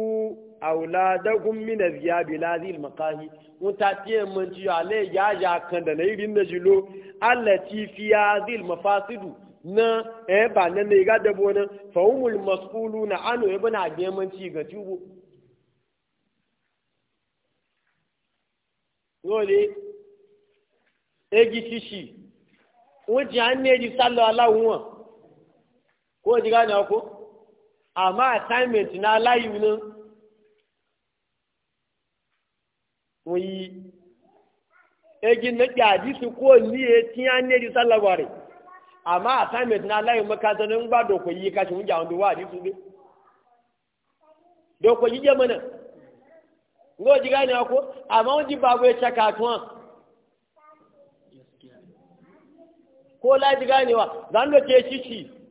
auladakum min azyabi lazil maqahi mutatiye mun ci ale ya ja kan da nayi rin da jilo allati fi azil mafasidu na e ba nan ne ga da bonan fa umul masquluna anu e bana ge mun ci ga tubo e gi ci shi o ji an ne ji sallu ala wọn ko ji ga na ko àmọ́ assignment na layu náà wọ́n yí egi mẹ́kẹ́ àdísù kúrò ní etí á ní ẹ̀dísà lọ́wọ́rẹ̀ àmọ́ assignment náà aláìwọ̀ mẹ́kàtọ́ ní ń gbàdọ̀ kò yí ká ṣùgbọ́n jàǹdù wà àdísù gbé dọ̀kọ̀ yí jẹ́ mọ́nà ngó jí gáà ní ọkọ́ wọn kó e e láti gáà wa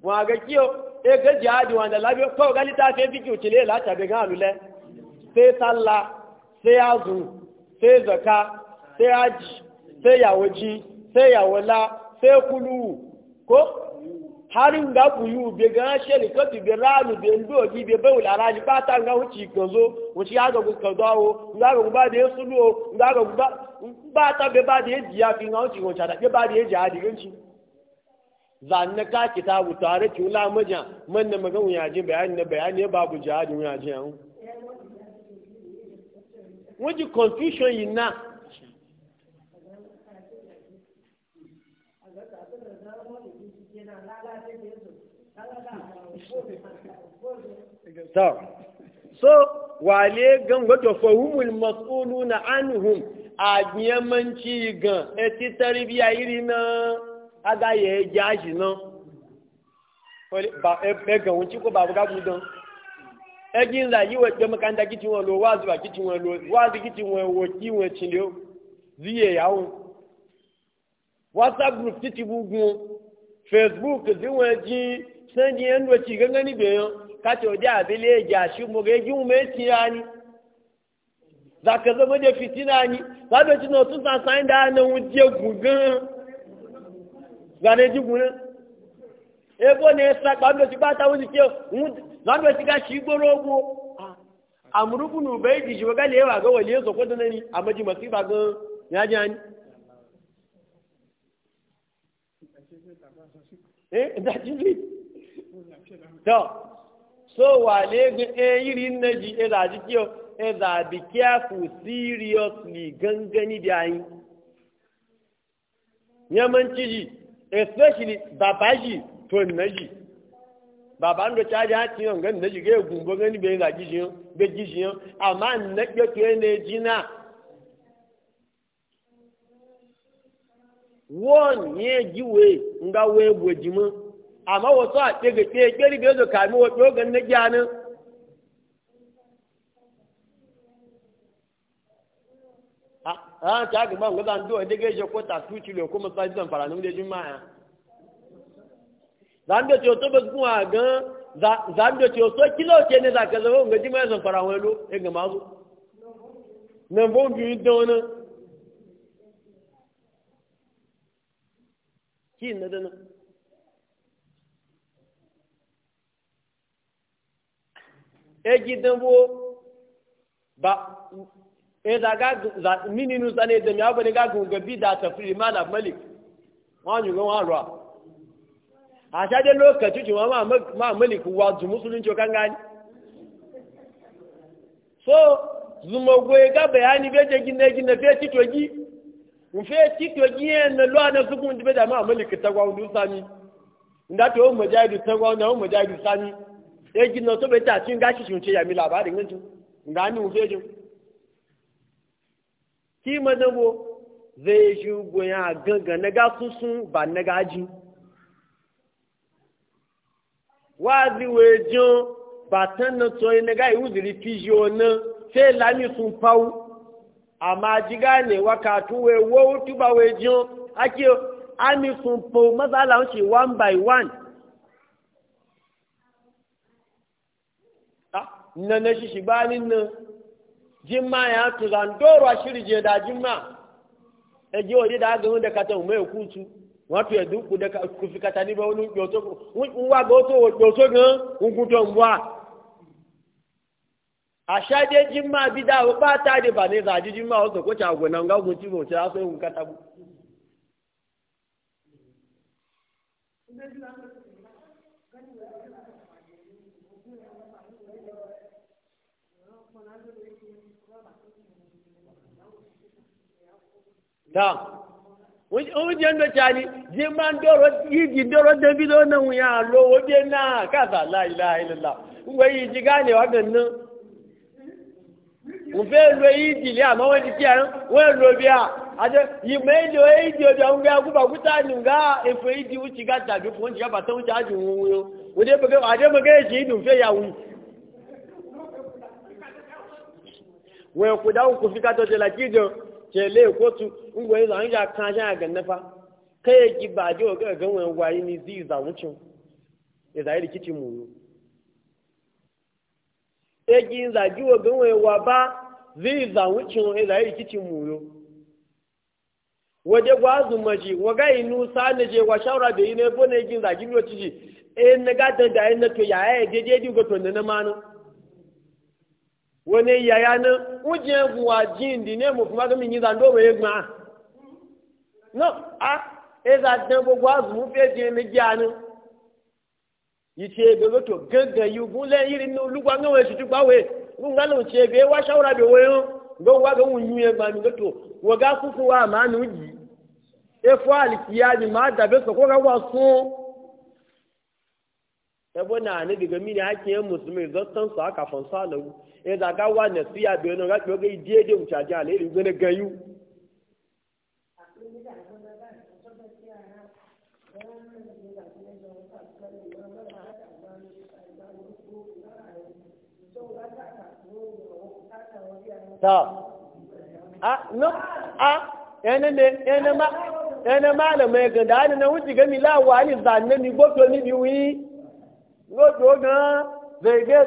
wọn o ẹgbẹ́ jẹ́ àdìwọ̀n dàlábẹ́ fíkì sálà sai zaka sai haji sai yawaji sai yawala sai kulu ko harin ga buyu be ga sheri ko ti be ranu be ndo gi be be ulara ji ta nga wuci gozo wuci ya ga ku dawo nga ga ba de sulu o nga ga ba ba ta be ba de ji fi nga wuci go chada be ba de ji adi ganci zanne ka kitabu tare ki ulama ja manna magan ya ji bayani na bayani babu jihadi ya ji an wọ́n e ti confusion yìí náà. tọ́ so wàlé gan gbọ́dọ̀ fọ̀húnmùl mọ̀kúlù na anuhun àgbìyànmọ́ǹtì gan etí tẹ́rí bí ayírí náà agáyẹ̀ ẹjẹ́ àjì náà ẹgbẹ̀gàn òun tí kò bàbá gágùn ẹgbin la yíwọ ẹgbẹ mẹkanta kìtì wọn lo wáàzù wa kìtì wọn lo wáàzù kìtì wọn wọ kí wọn ziye yawo whatsapp group titi bu facebook tí wọn jí sẹ́ndì ẹ̀ ń lọ tsi gẹ́gẹ́ níbẹ̀ yẹn kàtí ọjà àbílẹ̀ ẹ̀jẹ̀ àṣìmọ̀gẹ́ ẹ̀jẹ̀ wọn bẹ́ẹ̀ tsi ya ni zakẹ́sẹ́ wọn jẹ́ fìtí náà ni lábẹ́ tí wọn tún sàn sáyẹ́ndà náà wọn ebo ne sa gbando ti bata wuzi ke lando ti ga shi goro ogo amurubu nu bai di shi waga lewa ga wale so ko danani amaji masifa ga ya ji ani eh da ji ni so wale ga e yiri ji e da ji ke e da be careful seriously gangani da yi yamanci ji especially babaji to naji baba ndo chaja hati yo ngani naji ge gumbo ngani be ga jiji yo be jiji yo ama na ke to ene jina won ye jiwe nga we bojima ama wo so ate ge te geri be zo kai mo wo ga na jana ha ha ta ga ma ngo dan do ende ge je ko ta tuchi le ko mo sa zan fara nu de juma ya zambe ce to ba kuma ga zambe ce to kilo ce ne za ka zama ga jima zan fara wani lo e ga mazu nan bon bi da wani ki na da na e gidan bo ba e za ga mini nu sane da mi abu ne ga gungabi da tafri malak malik wani ga wani ruwa a sha lokaci lokacin ma maliku wa zu musulunci kan gani so zuma goye ga bayani be je gine gine fe ci togi mu fe na lo na sukun dibe da ma maliku ta gwa ndu sami nda to mu jaidu ta gwa na mu jaidu sami e gina to be ta cin gashi cin ce ya mi labarin nan nga ni mu fe ki madabo zai shi goya gangan na ga susun ba na gaji wazi wejo batan na tsoyi na gai uzuri fijiyo na sai lami sun fau amma ji gane wakatu we wo tuba wejo ake ami sun fau matsala one by one na ah, na shi shi banin nan jimma ya tuzan doro a shirje da jimma eji waje da aga katon mai kutu wọn tu ẹdun kun dẹka kofi kata níbẹ wọn gbẹ nwa wọn wá gbẹ ọtọ wọn gbẹ a àṣàjẹ jimá bídà ó bá a di bàní na àjí jimá a nga mo kata oúnjẹ ń dọ̀chá ni jí máa ń dọ̀rọ̀ yíjì dọ̀rọ̀ débi lọ́nà òun yà lọ owó náà káàsà láìlá ìlàlá ń yìí jí gáàlì wà gàn ná. mo fẹ́ lo yíjì lé àmọ́ wọ́n ti kí ẹ̀ wọ́n lo bí a àjọ ìmọ̀ èdè yíjì ọjọ́ ń gbé akúbàkúta nìga èfò yíjì ó ti ká tàbí fún oúnjẹ bàtà oúnjẹ àjò wọn wo òde bẹ̀rẹ̀ àdébẹ̀rẹ̀ chele kotu ngwe za anja kan ja ga nafa ka eji ba jo ga ga wen wayi ni zi za wucin ya zai rikici mu e gi za ji wo ga wen wa ba zi za wucin ya zai rikici mu yo waje gwazu maji waga inu sa ne je wa shawara be ine na gi za ji lo tiji e ne ga da da e ne to ya e je je di go to ne na manu wani yaya nan uje guwa jindi ne mu kuma gami nyiza ndo we gma no a eza dan bo gwa zu fe je ne jani yice be go to gaga yu bule yiri no lugwa ngawe shi tukwa we ngunga no che be wa shawara be weyo ndo wa ga unyu ye gma mi go to wo ga kuku wa ma nu ji e fo alikiya ni ma da be so ko ga wa sun ebe na ani daga mini hake yin musulmi zartan aka haka fansa lagu ya zaga wa na siya biyu na rafi ogai daidai wuce a jihar iri gani gayu ta a no a yana ne yana ma yana malamai ga na wuce gami ni lójó gan zèké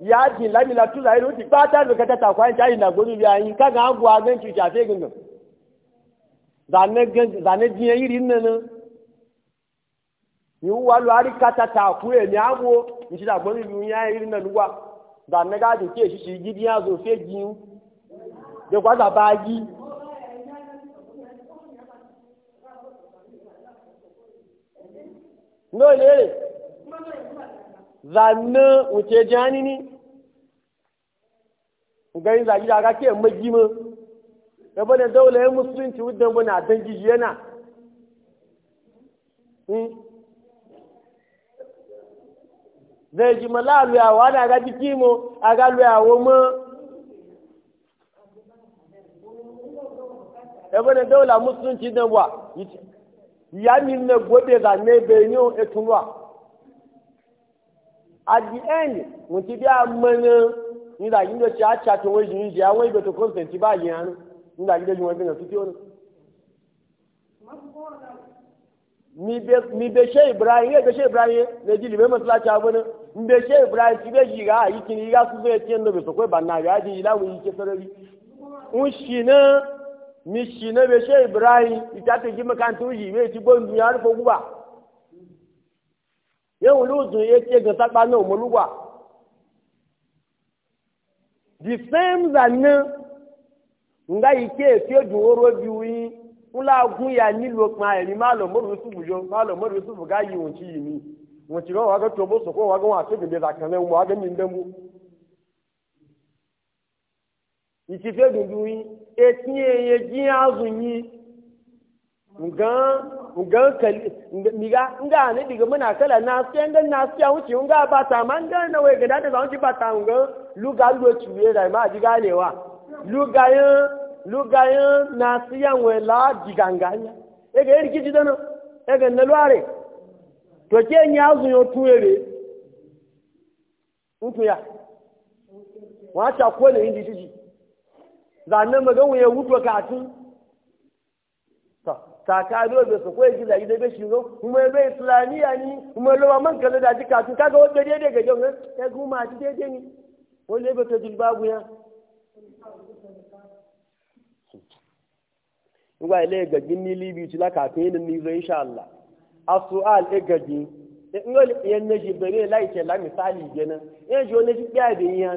yàá jì lámìlà tún láyé ló ti gbá tábìlì kẹta tàkó àyìn táyìn nàgbó níbi àyìn kága ń bu agbẹ́ ntù ìṣàfẹ́ gangan zànẹ́ diẹ yìí rí nínú ìwúwa lọ àrí kata tàkó èmi àwọ ìṣìṣàgbó níbi ìyá yìí rí nínú wa zànẹ́ káàdì tí èṣì ṣì jí díẹ̀ àzò fẹ́ jí ń dèkọ́ yí. lóye. zanne wuce jani ni gani zagi da ga ke magima da bane daular yin musulunci wadda muna don gizi yana zai hmm. ji mala a luyawa da ga jiki mo a ga luyawa ma da bane daular musulunci don wa yi yamin na gobe zanne bayanin etunwa at the end mo ti bí amẹ́nà nígbà yìí ló mi ibrahim mi ibrahim ti mi ibrahim ti yẹn ló dùn yẹn tiẹ̀ gan sápá náà mọ̀lúwà the same zànà nga yìí tiẹ̀ tiẹ̀ dùn oró bí wí ńlá gún yà nílò pa ẹ̀rí má lọ mọ́rù sùfù yọ má lọ mọ́rù sùfù ká yìí wọ́n ti yìí mi wọ́n ti rán wàá wa bó sọ̀kọ́ wàá gbọ́n àti ìbìlẹ̀ ngan kali nga ne diga muna kala na sai ngan na sai wuce nga ba ta man ga na wai gada da wuce ba ta nga luga lo tuwe da ma ji ganewa luga yan luga yan na sai wai la diganganya e ga yirki ji dana e ga na luare to ke nya zu yo tuwere mutu ya wa ta ko ne indi ji zanan magan wuye wuto ka tu tsakani obodo su koyi gida gida bai shigo kuma bai islamiya ni kuma lawa man kaza da ji kafin kaga wanda ka ga jan ya kuma ji daidai ni wanda bai ta jilbabu ya ngwa ile gagin ni libi ci la kafin ni ni zo al Allah asual e gagin ngol yan ne ji bare lai ce la misali gena yan jo ne ji biya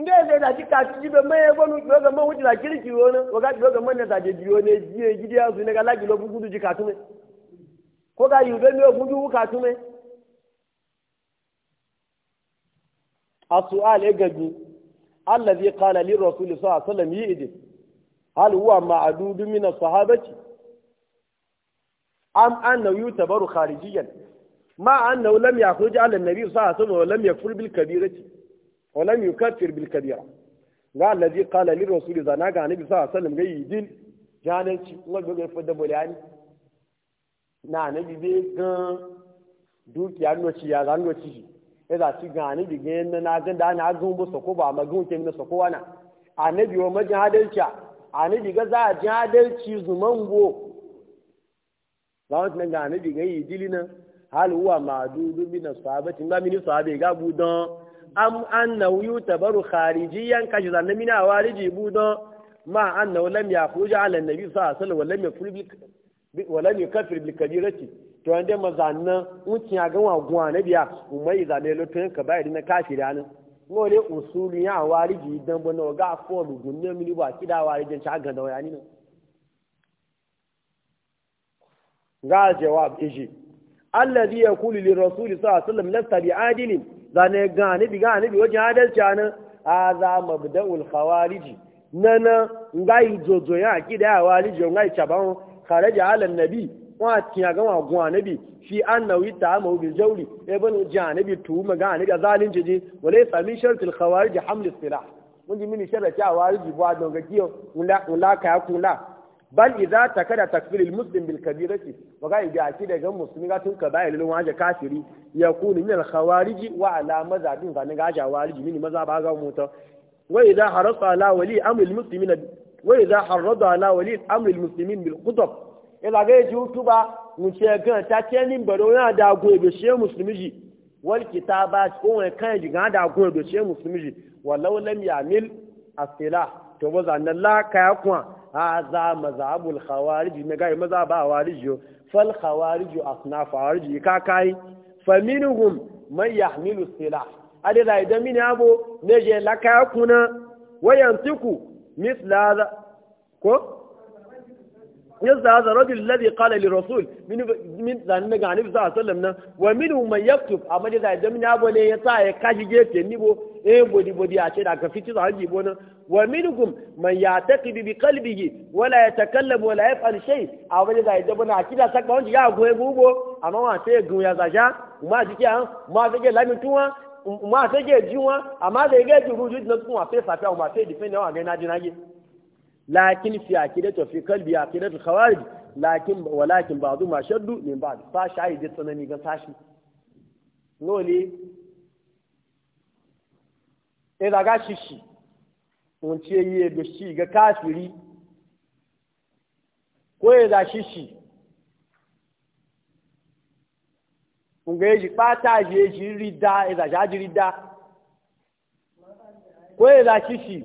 nga zai da shi kati jibe mai gwanu jibe ga man wuce da kirki wani waga jibe ga da zaje biyo ne jiye gidi ya ne ga lagi lobu gudu ji katu mai ko ga gudu a qala li rasul sallallahu alaihi wasallam hal huwa ma'dud min as-sahabati am yutabaru kharijiyan ma lam yakhruj ala an-nabi sallallahu alaihi wasallam wa lam yakfur bil kabirati ولم يكفر بالكبيرة قال الذي قال للرسول إذا ناقع النبي صلى الله عليه وسلم قال يدين جانت الله يقول يفضل بولياني na anabi bai gan dukiya noci ya zan noci shi ya za ci gan anabi gan na na gan da ana gan bu sako ba ma gan kemin sako wana anabi wa majin adalci anabi ga za a ji adalci zuman go za wata nan ga anabi gan yi dili nan hal huwa ma dudu min sahabati ga min sahabe ga budan am annahu yutabaru kharijiyan kashi zanna mina wariji don ma annahu lam yakhruj ala nabi sallallahu alaihi wasallam lam yakfir walam yakfir bil kabirati to ande mazanna unci ya wa gwa na biya umai zane lotun ka bai na kafira nan ngole usulu ya wariji dan bono ga fo lu gunne mini ba kida warijin cha ga da wani nan ga jawab iji allazi yaqulu lirrasul sallallahu alaihi wasallam lasta adilin zane gani bi wajen adalci nan a za mabda'ul khawariji nana ngai zozo ya ki da yawa lijo ngai chaban kharaja ala nabi wa tiya ga wa gwa nabi fi ma ta'amu bil tu ma ga nabi zalunci wala sami shartil khawarij haml istilah mun ji mini ba don ga kiyo mun la kun la bal idza takada takfiril muslim bil kabirati wa ga idza akida daga muslimi ga tun kabair lin waje kafiri yakunu min al khawarij wa ala mazabin ga ga jawarij min mazhaba ga muta wa idza harasa ala wali amr al muslimin wa idza harada ala wali amr al muslimin bil qutab ila ga ji utuba mun ce ga ta ce nin baro na da gobe she muslimi ji wal kitaba ko kan ji ga da gobe she muslimi ji walau lam yamil asila to bazan la kaya kuma hadha mazhabul khawarij me ga mazhab khawarij fal khawarij asnaf khawarij ka kai faminhum man yahmilu silah ade da idan mini abo ne je lakaya kuna wayantiku misla ko yadda haza rajul ladhi qala li rasul min min zan daga annabi sallallahu alaihi wasallam nan wa minhum man yaktub amma da da min abo ne ya sa ya kashi gefe ni bo eh bodi bodi a ce da ka fiti za ji bo nan wa minkum man ya'taqid bi qalbihi wa la yatakallamu wa la yaf'al shay amma da da bana akida sakba wanda ya goye gubo amma wa sai gun ya zasha ma jike an ma fike lamituwa ma fike jiwa amma da na kuma lakin fi akidatu fi qalbi akidatu khawarij lakin walakin ba'du ma shaddu min ba'd fa shayi da tsanani ga sashi noli e daga shishi mun ce yi da shi ga kafiri ko ya da shishi mun ga yi pata je ji rida e da ja ji rida ko ya da shishi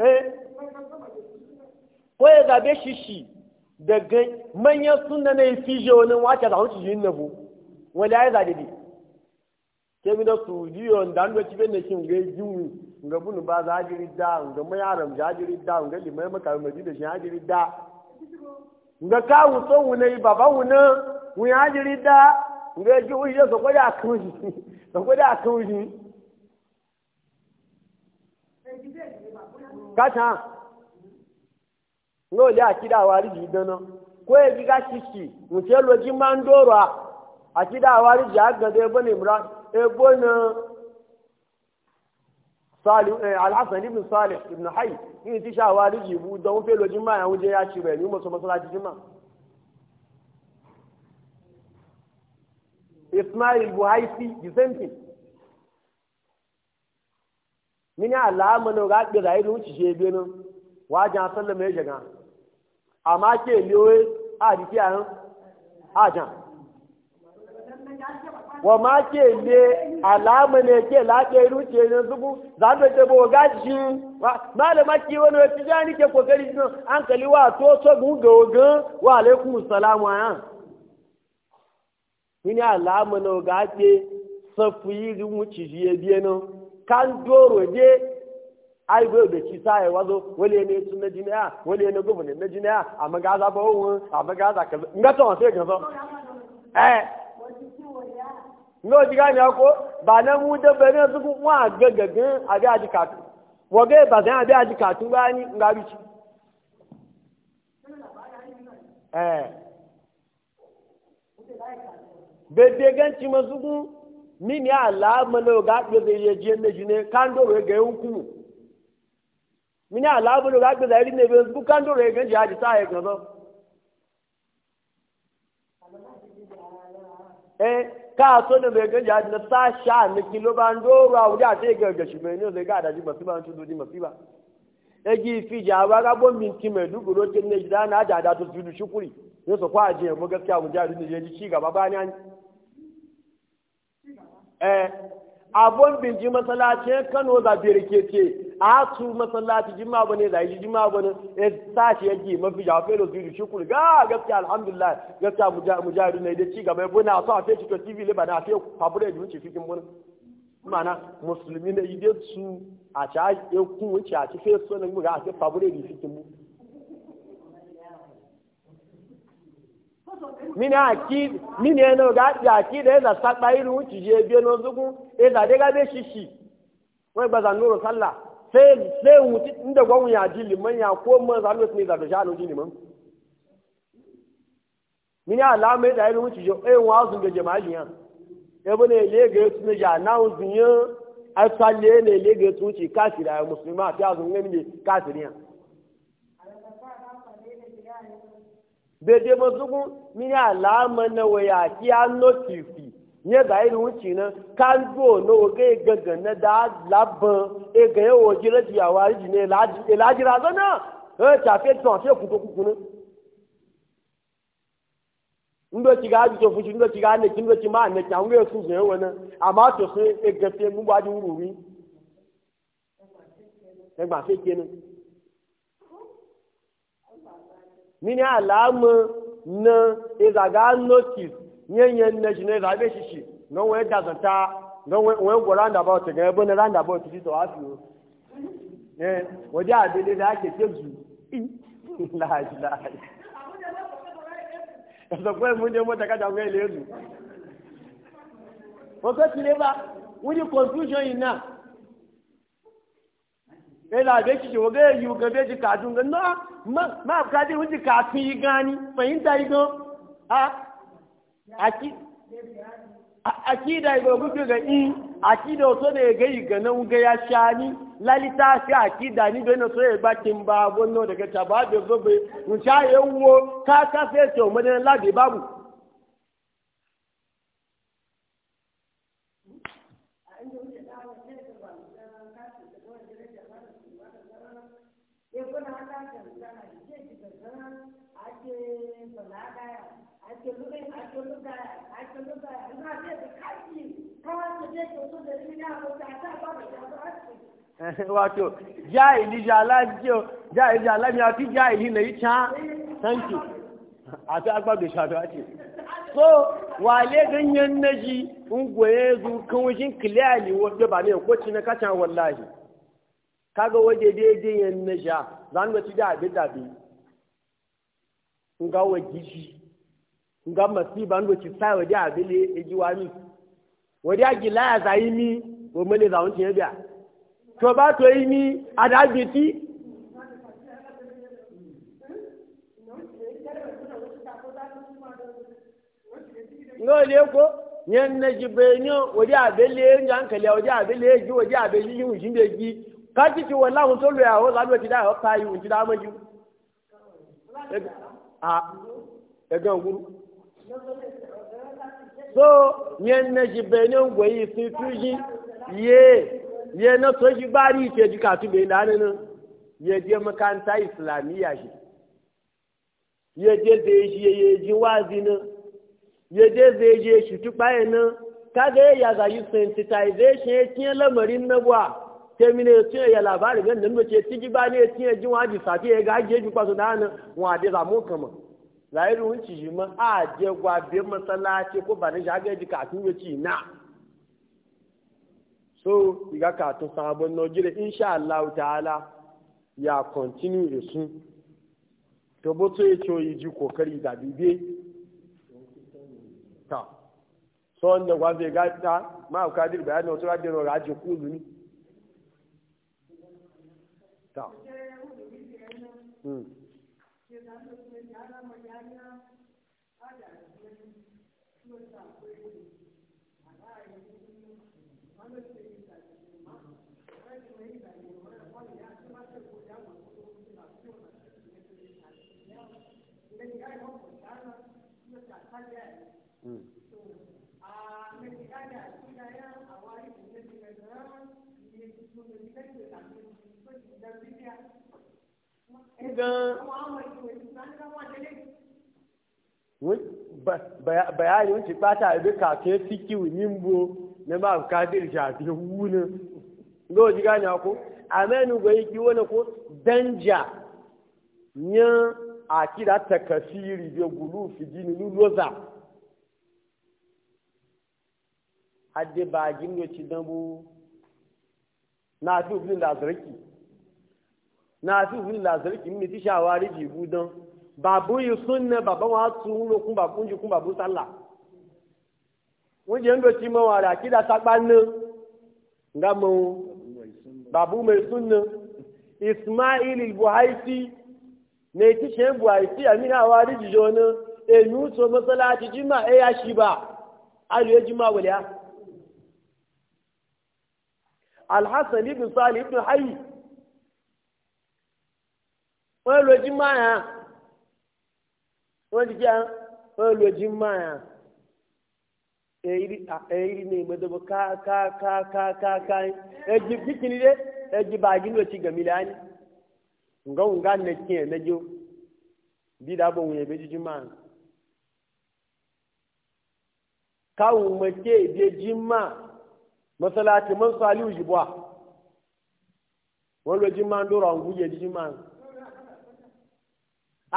Eh. ko ya zabe shi shi daga manyan suna na fi je wani wata da huncin shi na wani ya zabe ne ke mi da su liyon da hannu cibe na shi ga yiwu ga bunu ba za jiri da ga mai haram ja jiri da ga limai makarin mai da shi ya jiri da ga kawo son wune baba wune wun ya jiri da ga ji wuyi sakwada a kan shi [laughs] a shi kata no le akida wari ji dana ko e giga shishi mu ce loji man dora akida wari ji aga de bane mura e bona salih al-hasan ibn salih ibn hayy ni ti sha wari ji bu don fe loji ma yan je ya ci be ni mo jima ismail buhaisi the same thing mini alama no ga gbe zai ruci je be no wa jan sallama ya jaga amma ke liyoyi a jiki a nan a jan wa ma ke le alama ne ke laƙe ruce ne zubu za ta ce bo gashi malama ki wani wata ja ni ke kokari shi an kali wa to so gun ga ogun wa alaikum salamu a yan mini alama no ga ke safu yi rumu ci je biye no kan doro je ai e go da ci sai wazo wale ne sun na jiniya wale ne gwamnati na jiniya a magaza ba wun a magaza ka nga to sai ka so ne ba na mu da ba ne su kuma gagagun a ga ji katu wage ba zan a ga ji katu ba ni nga ci mini ala mana ga akpeza ihe ji emeji ne kando wee gee nkwu mini ala mana ga akpeza iri na-ebe ozugbo kando ji aji taa ya ee ka aso na bai ji aji na sa sha na kiloba ndị ọrụ a ege ga gashi adaji ji a na gida na aji adatu su shukuri a su kwa ajiye mu gaskiya mu ji a duk da ji ba abon eh, abun binji masallaci Kano za birke ce a su masallaci jima bane da yi jima bane ya sashi yake mafi jafe da zuri kuri ga gaskiya alhamdulillah gaskiya mujahidu ne da ci gaba ya buna so a fe cikin tv liba na fe fabure da wuce fikin bune mana musulmi na yi su a ci a kun wuce a ci fe so ne ga a fe fabure da fikin bune mini aki mini eno ga ati aki da eza sakpa iru uchi je ebie n'ozugwu eza adịga shishi nwe gbaza n'ụlọ salla se wu ndị gwanwu ya ji liman ya kwuo mma za nwesu n'ịza doshi anụ ji liman mini ala ama eza iru uchi e je enwe azụ ngeje ma ali ya ebe na ele ga etu na ya na uzinye atụalie na ele ga etu uchi kasiri musulman ati azụ nwe mini kasiri ya bede mazugu mini ma na waya kiya notifi nye ga irin wuce nan kan go no oge gaga na da laban e ga yawo jira ti awa ji ne laji laji ra zana e ta fe ton se ku to ku kunu ndo ti ga ji to fuji ndo ti ga ne ndo ti ma ne ta ngwe su ze wona ama to se e ga te mu ba ji wuru wi e gba fe kenu mini alamu na izaga notis yanyan na shi na be shi shi don wani no we we go round about ga yabo na round about ti to hafi yo eh wo ja waje le da ke la ake so ko mu de mo ta ka da kájà le ilé ẹ̀dù ko ti lé bá wọ́n ní confusion yìí náà ẹ̀là àbẹ́kìṣẹ́ wọ́gẹ́ yìí ọgbẹ́ ti kàdùn gan náà ma bukatar wuce kafin yi gani fahimta yi don a akida igogogo ga in akida oto da ya gayi ga nan ga ya sha ni lalita fi akida ni bai na so ya bakin ba wannan daga taba da gobe mun sha yawo ka ka sai to madan labi babu एकूण आता संस्थान इतके संस्थान आजचे सलाह jahili jahili na yi can you, a ta agba da shafi ake so wale ganyen naji ungwaye zu kan wajen kiliyali wajen ba ne kwaci na kacan wallahi kaga waje daidai yan na sha za mu ci da abin da bi nga wa shi nga masiba ndo ci sai waje abin le eji wani waje agila ya zai mi wo mele za won tiye bia to ba to yi mi adabi ti ngo le nyen na jibe nyo waje abin le nyan kale waje abin le ji waje abin le yi mu jinde ji kájí ti wọ̀ láwọn tó lè àwọn lálẹ́ ti dá ọ̀pá ìwù ti dá mọ́jú. ẹ̀gán òwúrú. so yẹn ní ṣe bẹ̀rẹ̀ ní òǹgbẹ̀ yìí fi tú yí yé yẹn náà tó yí bá rí ìṣẹ́jú kàtúbẹ̀ lánàá yẹ jẹ́ mọ́kántà ìsìlámíyà ṣe yẹ jẹ́ zèyí yẹ jí wáàzí náà yẹ jẹ́ zèyí ṣùtúpáyẹ̀ náà kágẹ́ yàgà yìí sensitization ẹ̀ tiẹ́ lọ́mọ̀rí náà kemine ya ya labari gan da mace ciki ba ne ya ce ji waji safiya ya gaje ji kwaso da hannun wade zamu kama zahiri wunci shi ma a je gwabe masallaci ko ba na shi haka ya ji katun ya ci na so iga katun sabon nojire insha Allah ta'ala ya continue da su to boto ya ce yi ji kokari da bibe ta so wanda gwabe ga ta bayanin wasu tọ́. Mm. bayani wuce bata abin kafin fiki wunin bo na ma'am kadir shafi wunin ga ji gane ko amenu ga yi ki wani ko danja nya a kira ta kasiri da gulu fi jini luloza hadde ba gimdo ci dambu na fi òfin lazarki na fi òfin lazarki mímí tí ṣàwárí jì bú dán bàbú yìí sún náà bàbá wọn á tún ń lókun kún bàbú sálà wọn jẹ ń lọ mọ wọn rà kí dasagba ná nga mọ wọn bàbú mọ sún náà ismail buhaiti na ti ṣe ń buhaiti àmì àwárí jìjọ náà èyí ń sọ mọ́sálásí jimá ẹ̀yà ṣìbà àlùyé jimá wẹ̀lẹ́ alhassan ibn salih ibn hayi wọ́n lo jimáyà wọ́n e jẹ́ wọ́n lo jimáyà èyí ni ìgbẹ́dọ̀bọ̀ káàkáàkáàkáà ẹjì kíkiri dé ẹjì báyìí ló ti gàmì láàyè ǹgọ́ ǹgá nẹ̀kí ẹ̀ lẹ́jọ́ bí dábọ̀ òun ẹ̀bẹ́ jimáyà káwọn èdè masalati man saliu jibwa wọ́n lọ jí máa ń dọ̀rọ̀ àwọn a jí máa ń.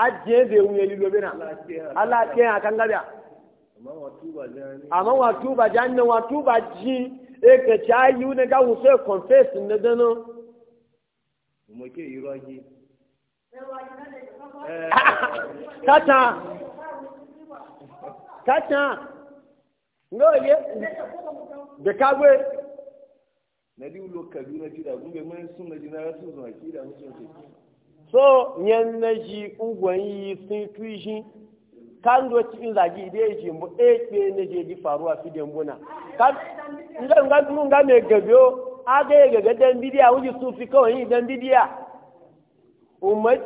a jẹ́ ẹ̀dẹ̀ ohun yẹn lílo a náà aláàkẹ́ àkàngábíà. àmọ́ wà túbà já ní wà túbà jí ekèchí ayé wọn ká wùsọ ẹ̀ kọ̀nfẹ́sì nìdán náà. mo kí èyí rọ yí. kàtà kàtà da kagwe na biyu lokaci na jida gube mai sun na jina ya zuwa ki da mutum ce so yan na ji ugwan yi sun tuishi kan do cikin zagi da ya ce mu ɗaya e ne je ji faruwa fi dembuna kan inda nga mun ga mai gabiyo aga ya gaga dan bidiya wuji su fi kawai yi dan bidiya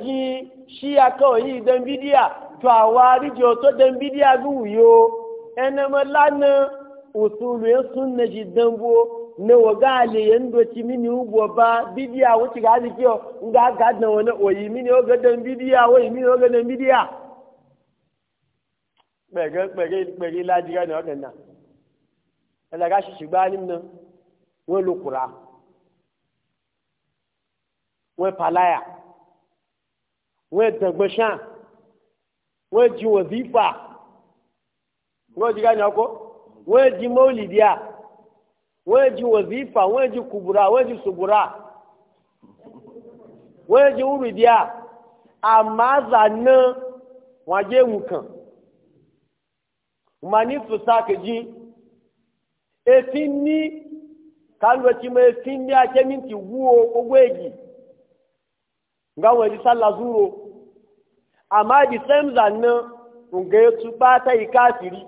shi shiya kawai yi dan bidiya to a wari joto dan bidiya guwuyo enema lana usulu ya sunna jiddan bo na waga aliyan doci mini ugbo ba bidiya wuce ga aji kiyo nga ga na wani oyi mini oga dan bidiya oyi mini oga dan bidiya pẹ̀gẹ́ pẹ̀gẹ́ pẹ̀gẹ́ lájíra ní ọ̀gẹ̀ náà ẹlẹ́gà ṣiṣì gbá nínú wọn ló lukura, wọn palaya wọn dẹ̀gbẹ̀ṣán wọn jí wọn zífà wọn jíra ní ọkọ̀. wọ́n ji mọ́lìdíà wọ́n ji wọ̀zífà wọ́n ji kùbùrà wọ́n ji sùbùrà wọ́n ji wùrìdíà àmàzà náà wọ́n ajé wù kàn wọ́n ní fòsákèjì èfi ní kálùwẹ̀tì mọ́ èfi ní akẹ́mìntì wú o gbogbo èyí nga wọ́n ji sálà zúro àmà ìdí sẹ́mzà náà ǹgẹ̀ẹ́ tupá tẹ́yìí káàkiri.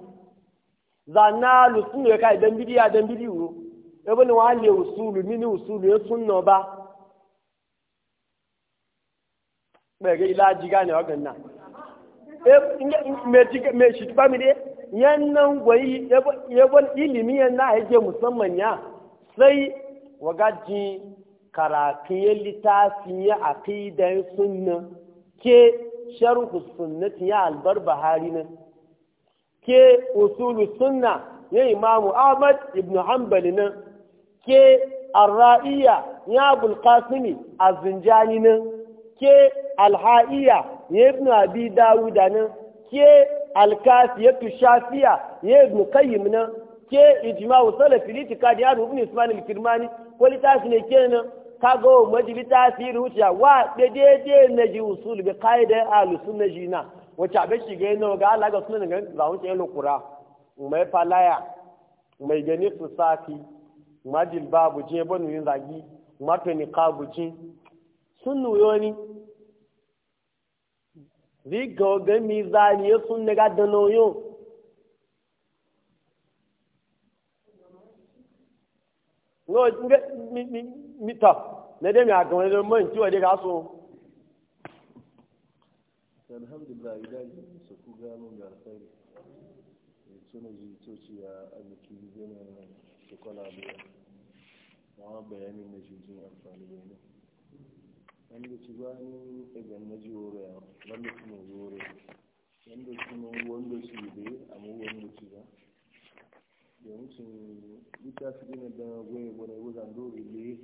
zana lusulu ya kai dan bidiya ebe ni ibn wali usulu mini usulu ya sunna ba bai ga ilaji gane waganna e, me shi ba mi de yannan gwayi yabon ilimi yanna yake musamman ya sai wagaji karatun littafin ya aqidan sunna ke sharhu sunnati ya albar bahari nan ke usulu sunna ya imamu ahmad ibn hanbali nan ke arra'iya ya abul qasimi azinjani nan ke alha'iya ya ibn abi dawuda nan ke alkasiyatu shafiya ya ibn qayyim nan ke ijma'u salafi litikadi ya ibn ismail al-kirmani ko litafi ne kenan kaga wa tasiru wuce wa daidai na ji usul bi qaida ahlus sunna jina wacce abin shiga yana ga alaga suna ga zawon ke lokura mai falaya mai gani su safi ma jilba buje banu yin zagi ni ka kabuci sun nuyo ni ziga ga mizani ya sun daga danoyo no ta na dai mi a gaban man ciwo de ga so alhamdulillah idan su ku gano ga alkhairi eh, suna ji coci a arziki gina su kwala biya ma bayanin na shi jin amfani da ne an da ci bani ɗagan na ji wuri a wanda su ne wuri wanda su wanda su yi dai a mu wanda ci ba da mutum ita su gina da goye gwada wuzan dore ne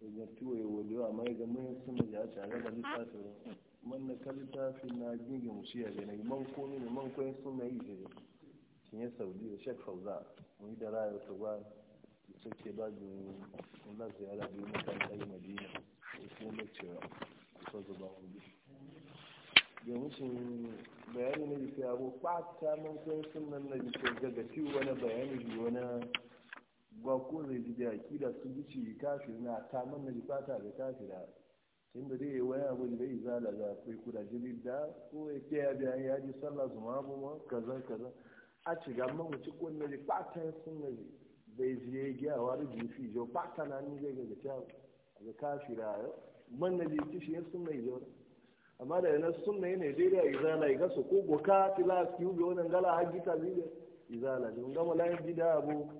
da zartuwa ya wali amma idan mai suna ya tare da littafin man na kalita fi na gingin mushi ya gani man komi ne man kwayin suna yi je kin ya saudi da shek fauza mu yi da rayar ta ba da sake ba da Allah ziyara da yi makaranta yi madina da kuma cewa da sauza ba mu biyu. domin shi bayani na jike abu kwata man kwayin suna na jike daga ciwo wani bayani wani gwakon zai jide akida su gici kafin na ta man na jifata da kafin inda dai waya abin da iza da za ku yi kudaje ko ya ke ya biya ya ji sallah zuma abubuwa kaza kaza a ci ci mawuci kwanne ji fatan sun na bai ji ya yi gyawa da jifi jo fata na ni zai gaga ta ga kafira yau man na ji shi ya sun na yi amma da yana sun ne yi da ya zala iga su ko boka tila su yi ubi wani ngala haji ta zile ya zala ji ngama layin ji da abu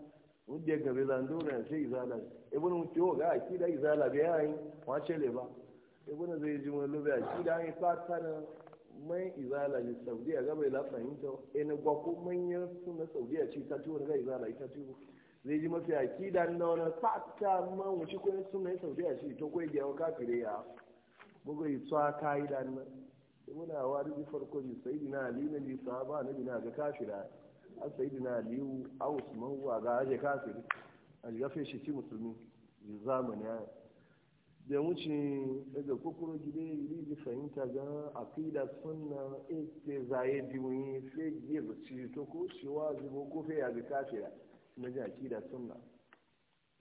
wanda ya gabe zandura ya sai ya zala ibn mutuwa ga akida iza na biya yi wace le ba ibn zai ji wani lobe a shi da an yi fata na mai izala ne saudi a gaba ila fahimta e na gwa ko manyan suna a ce ta ci wani zai izala ita ciwo zai ji mafi akida na wani fata man wuce ko suna yi a ce to ko gyawa kafire ya bugu yi tsawa ka'ida na muna wa ji farko ji dina ali na ji sahaba na dina ga kafira a sai dina aliyu a usman wa ga aje kafiri a gafe shi ci musulmi zamani ya da wuce daga kokoro gide yi da fahimta ga akida sunna ita eh, zaye biyu sai gizo ci to ko shi wa zubo ko fe ya ga kafira na ji akida sunna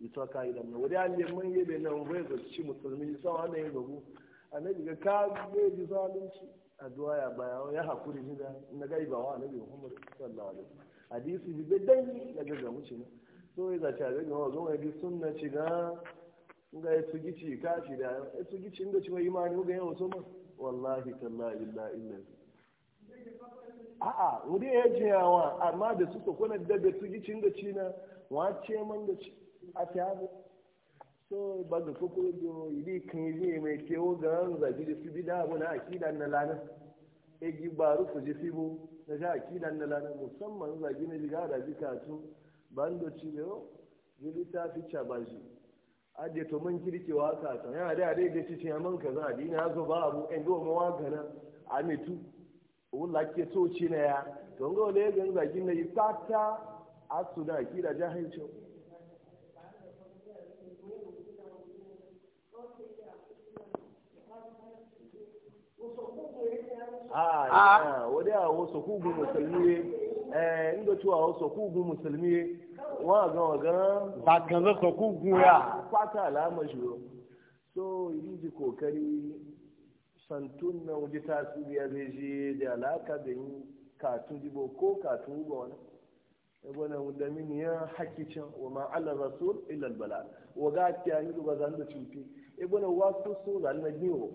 ita ka yi damna wadda an yi man yebe nan wai ga ci musulmi sa wanda yi gabu annabi ga ka bai ji zalunci addu'a ya baya ya hakuri ni da na gaiba wa annabi Muhammad sallallahu alaihi wasallam hadisi bi dai, daga ga wuce ne so yi zaci a daga wa zo ga bi sunna ci ga nga ya su gici kashi da ya su gici inda ci mai imani ga yawan soma wallahi tallahi illa illa a'a wuri ya yawa amma da su kokona da da su gici inda ci na wace man da ci a tabo so ba ga koko da yi kan yi mai kewo ga zagi da su bida abu na akida na lana e gi baru su ji fibo na sha akida na lana musamman zagi na jiga da jikatu bando ci yau gili oh, ta fi cabaji aje to man wa ka ta yana da dai da cikin man kaza dina zo ba abu en do mu waka na amitu wala ke so ci na ya to ngo le gan zakin na isata asuda kira jahilci a ah, ah. ah, a wasu hugu musulmi ɛɛ eh, n wasu awɔ sɔkugun musulmi ye wọn gan wọn gan. bàgànzɛ sɔkugun ya. pátá la ma so yi ji kokari santun na wuli tasiri ya zai je da alaka da yin katun jibo ko katun ba wani. wani wadamin ya haƙi can wa ma'ala rasul ilal bala wa ga ta yi ba zan da cuti ibn wasu so zan na biyo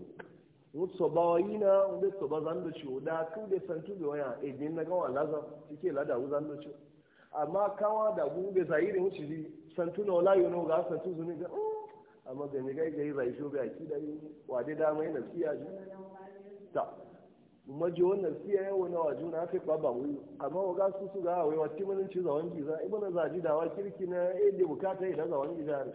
wutso ba e oh! yi na wanda soba ba zan da ciwo da kan da san na gawa laza cike lada wu zan da ciwo amma kawa da gu be zairi mu ci san yo no ga san tu zuni ga amma ga ne gai gai rai shobe aki da yi wade da mai na siya ji ta kuma ji wannan siya yawo na waju na fi ba ba wuyu amma wa ga su su ga wai mun ci zawan ibana e ji da wa na e da bukata zawan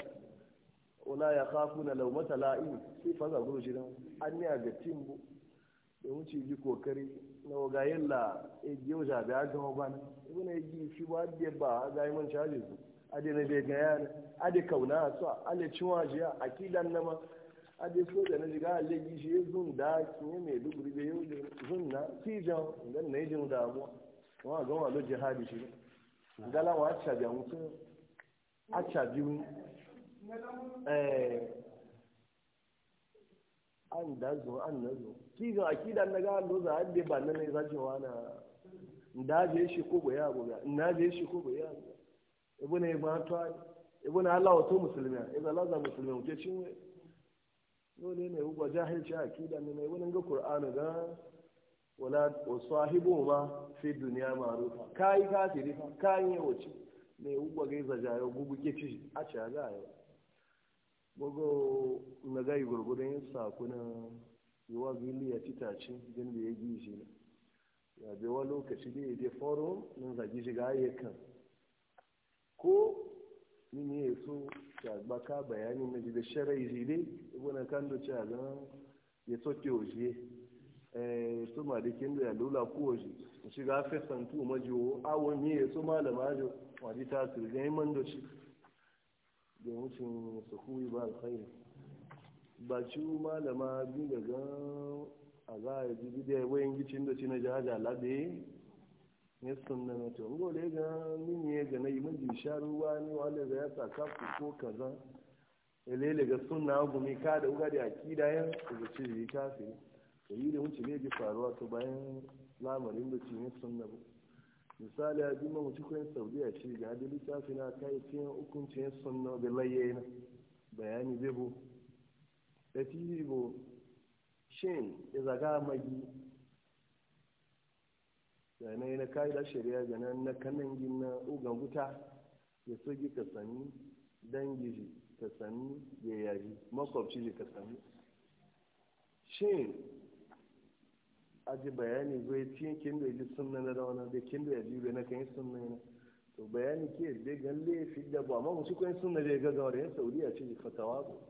wala ya kafu na laumata la'i sai faza guru shi nan an yi a ga timbu da wuce ji kokari na wagayen la a yau jabi a gama ba na yi egi fi ba adiye ba a ga man caji su ade na bai gaya na ade kauna a sa ale cinwa jiya a kilan nama so da na jiga ale gi shi zun da kinye mai duguri bai yau da zun na tijan idan na yi jin damuwa a gama lo jihadi shi galawa a cabi a mutum a cabi Eh. an da zo an na zo ki ga na ga lo za abbe ba nan ne zaje wana da je shi ko goya goya na je shi ko goya ibn ibn ta ibn Allah to musulmi ibn Allah za musulmi ke cin we dole ne ugo jahilci akida ne mai ga Qur'ani ga wala ma fi dunya ma'rufa kai ka anyị kai ne wuce ne ugo ga zajayo gubu ke ci a ci ga gogo na gai gurgudun yin yi yiwa gili ya titaci din da ya gizi na, ya bewa lokaci da ya je foro nan ga shiga kan ko mini ya so ta baka bayanin na jide sharai jide ibuna kan da cewa zan ya soke E! Eh, su ma da kin ya lula ko oji shiga fesantu tu majiwo awon ne ya so malama jo wadi ta yi man da shi da wucin sukuri ba alkhairi ba ci malama bi daga a za a ji bidiyar wayan gicin da ci na jihar labe ya suna na da ya ga mini ya ga yi mun disha ruwa ne wala ga ya saka ko kaza elele ga suna gumi ka da uga da da ya ga ci kafiri da yi da mun ci ne ji faruwa ta bayan lamarin da ci ne suna ba misali a jima mu cikin saudiya ce ga da littafi na ta yi cikin hukuncin ya sunna da na bayani zai bu da tv bu shin ya zaga magi da na yi na kayi da shari'a ga nan na kanan gina ugan wuta ya soji ka sani dangi ka sani ya yaji makwabci ka sani shin aji bayani zo ya ciye kin da ji sunna na dawana da kin da ya ji na kan sunna ne to bayani ke da gan laifi da bwa amma musu kan sunna da ga gawar yan saudiya ce ji fatawa ko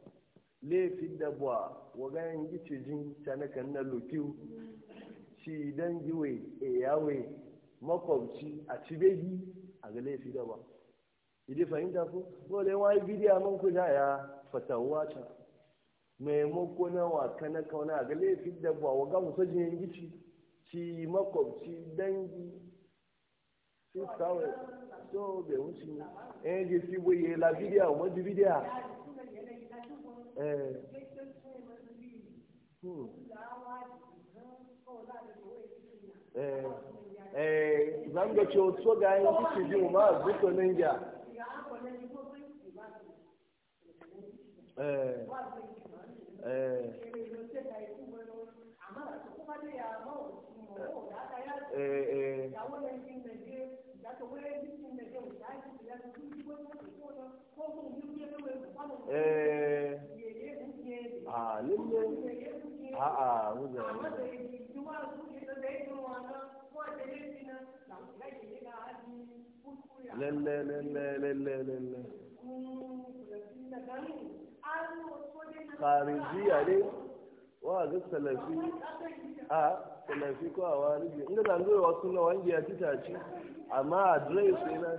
laifi da bwa wa ga yan gice jin ta na kan na lokiu ci dan giwe e yawe makwabci a cibegi a ga laifi da ba idi fahimta ko dole wai bidiya mun kuja ya fatawa ta maimako na waka na kauna ga laifin da ba waga musa jiyan gici ci makwabci dangi su kawai so bai wuce ne eh je si boye la video mo di video eh. Hmm. eh eh eh ce so ga yin gici ji ma zuko nan ja eh a lalle a a kharijiya ne wa ga salafi a salafi ko a wani ne inda zan zuwa wasu na wangi ya tita ce amma adres ne na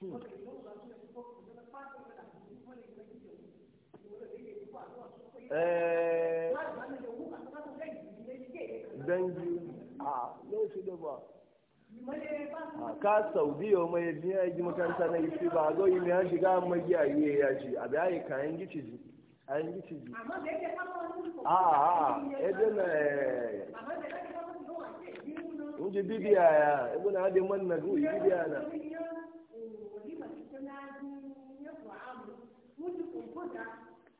Hmm. Eh, dangi a laifi da ba ka saudiya mai biya yi makaranta na isi ba zo yi mai shiga magiya yi ya ji a biya yi kayan gici ji kayan gici ji a a ebe na nji bibiya ya ebe na adi man na gu bibiya na Thank you.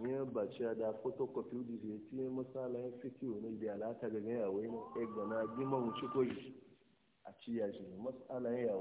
ya bace da photocopy da zai ci misali ya fiki wani da alaka ga ya wai ne ga na gima wuce koyi a ciya shi masala ya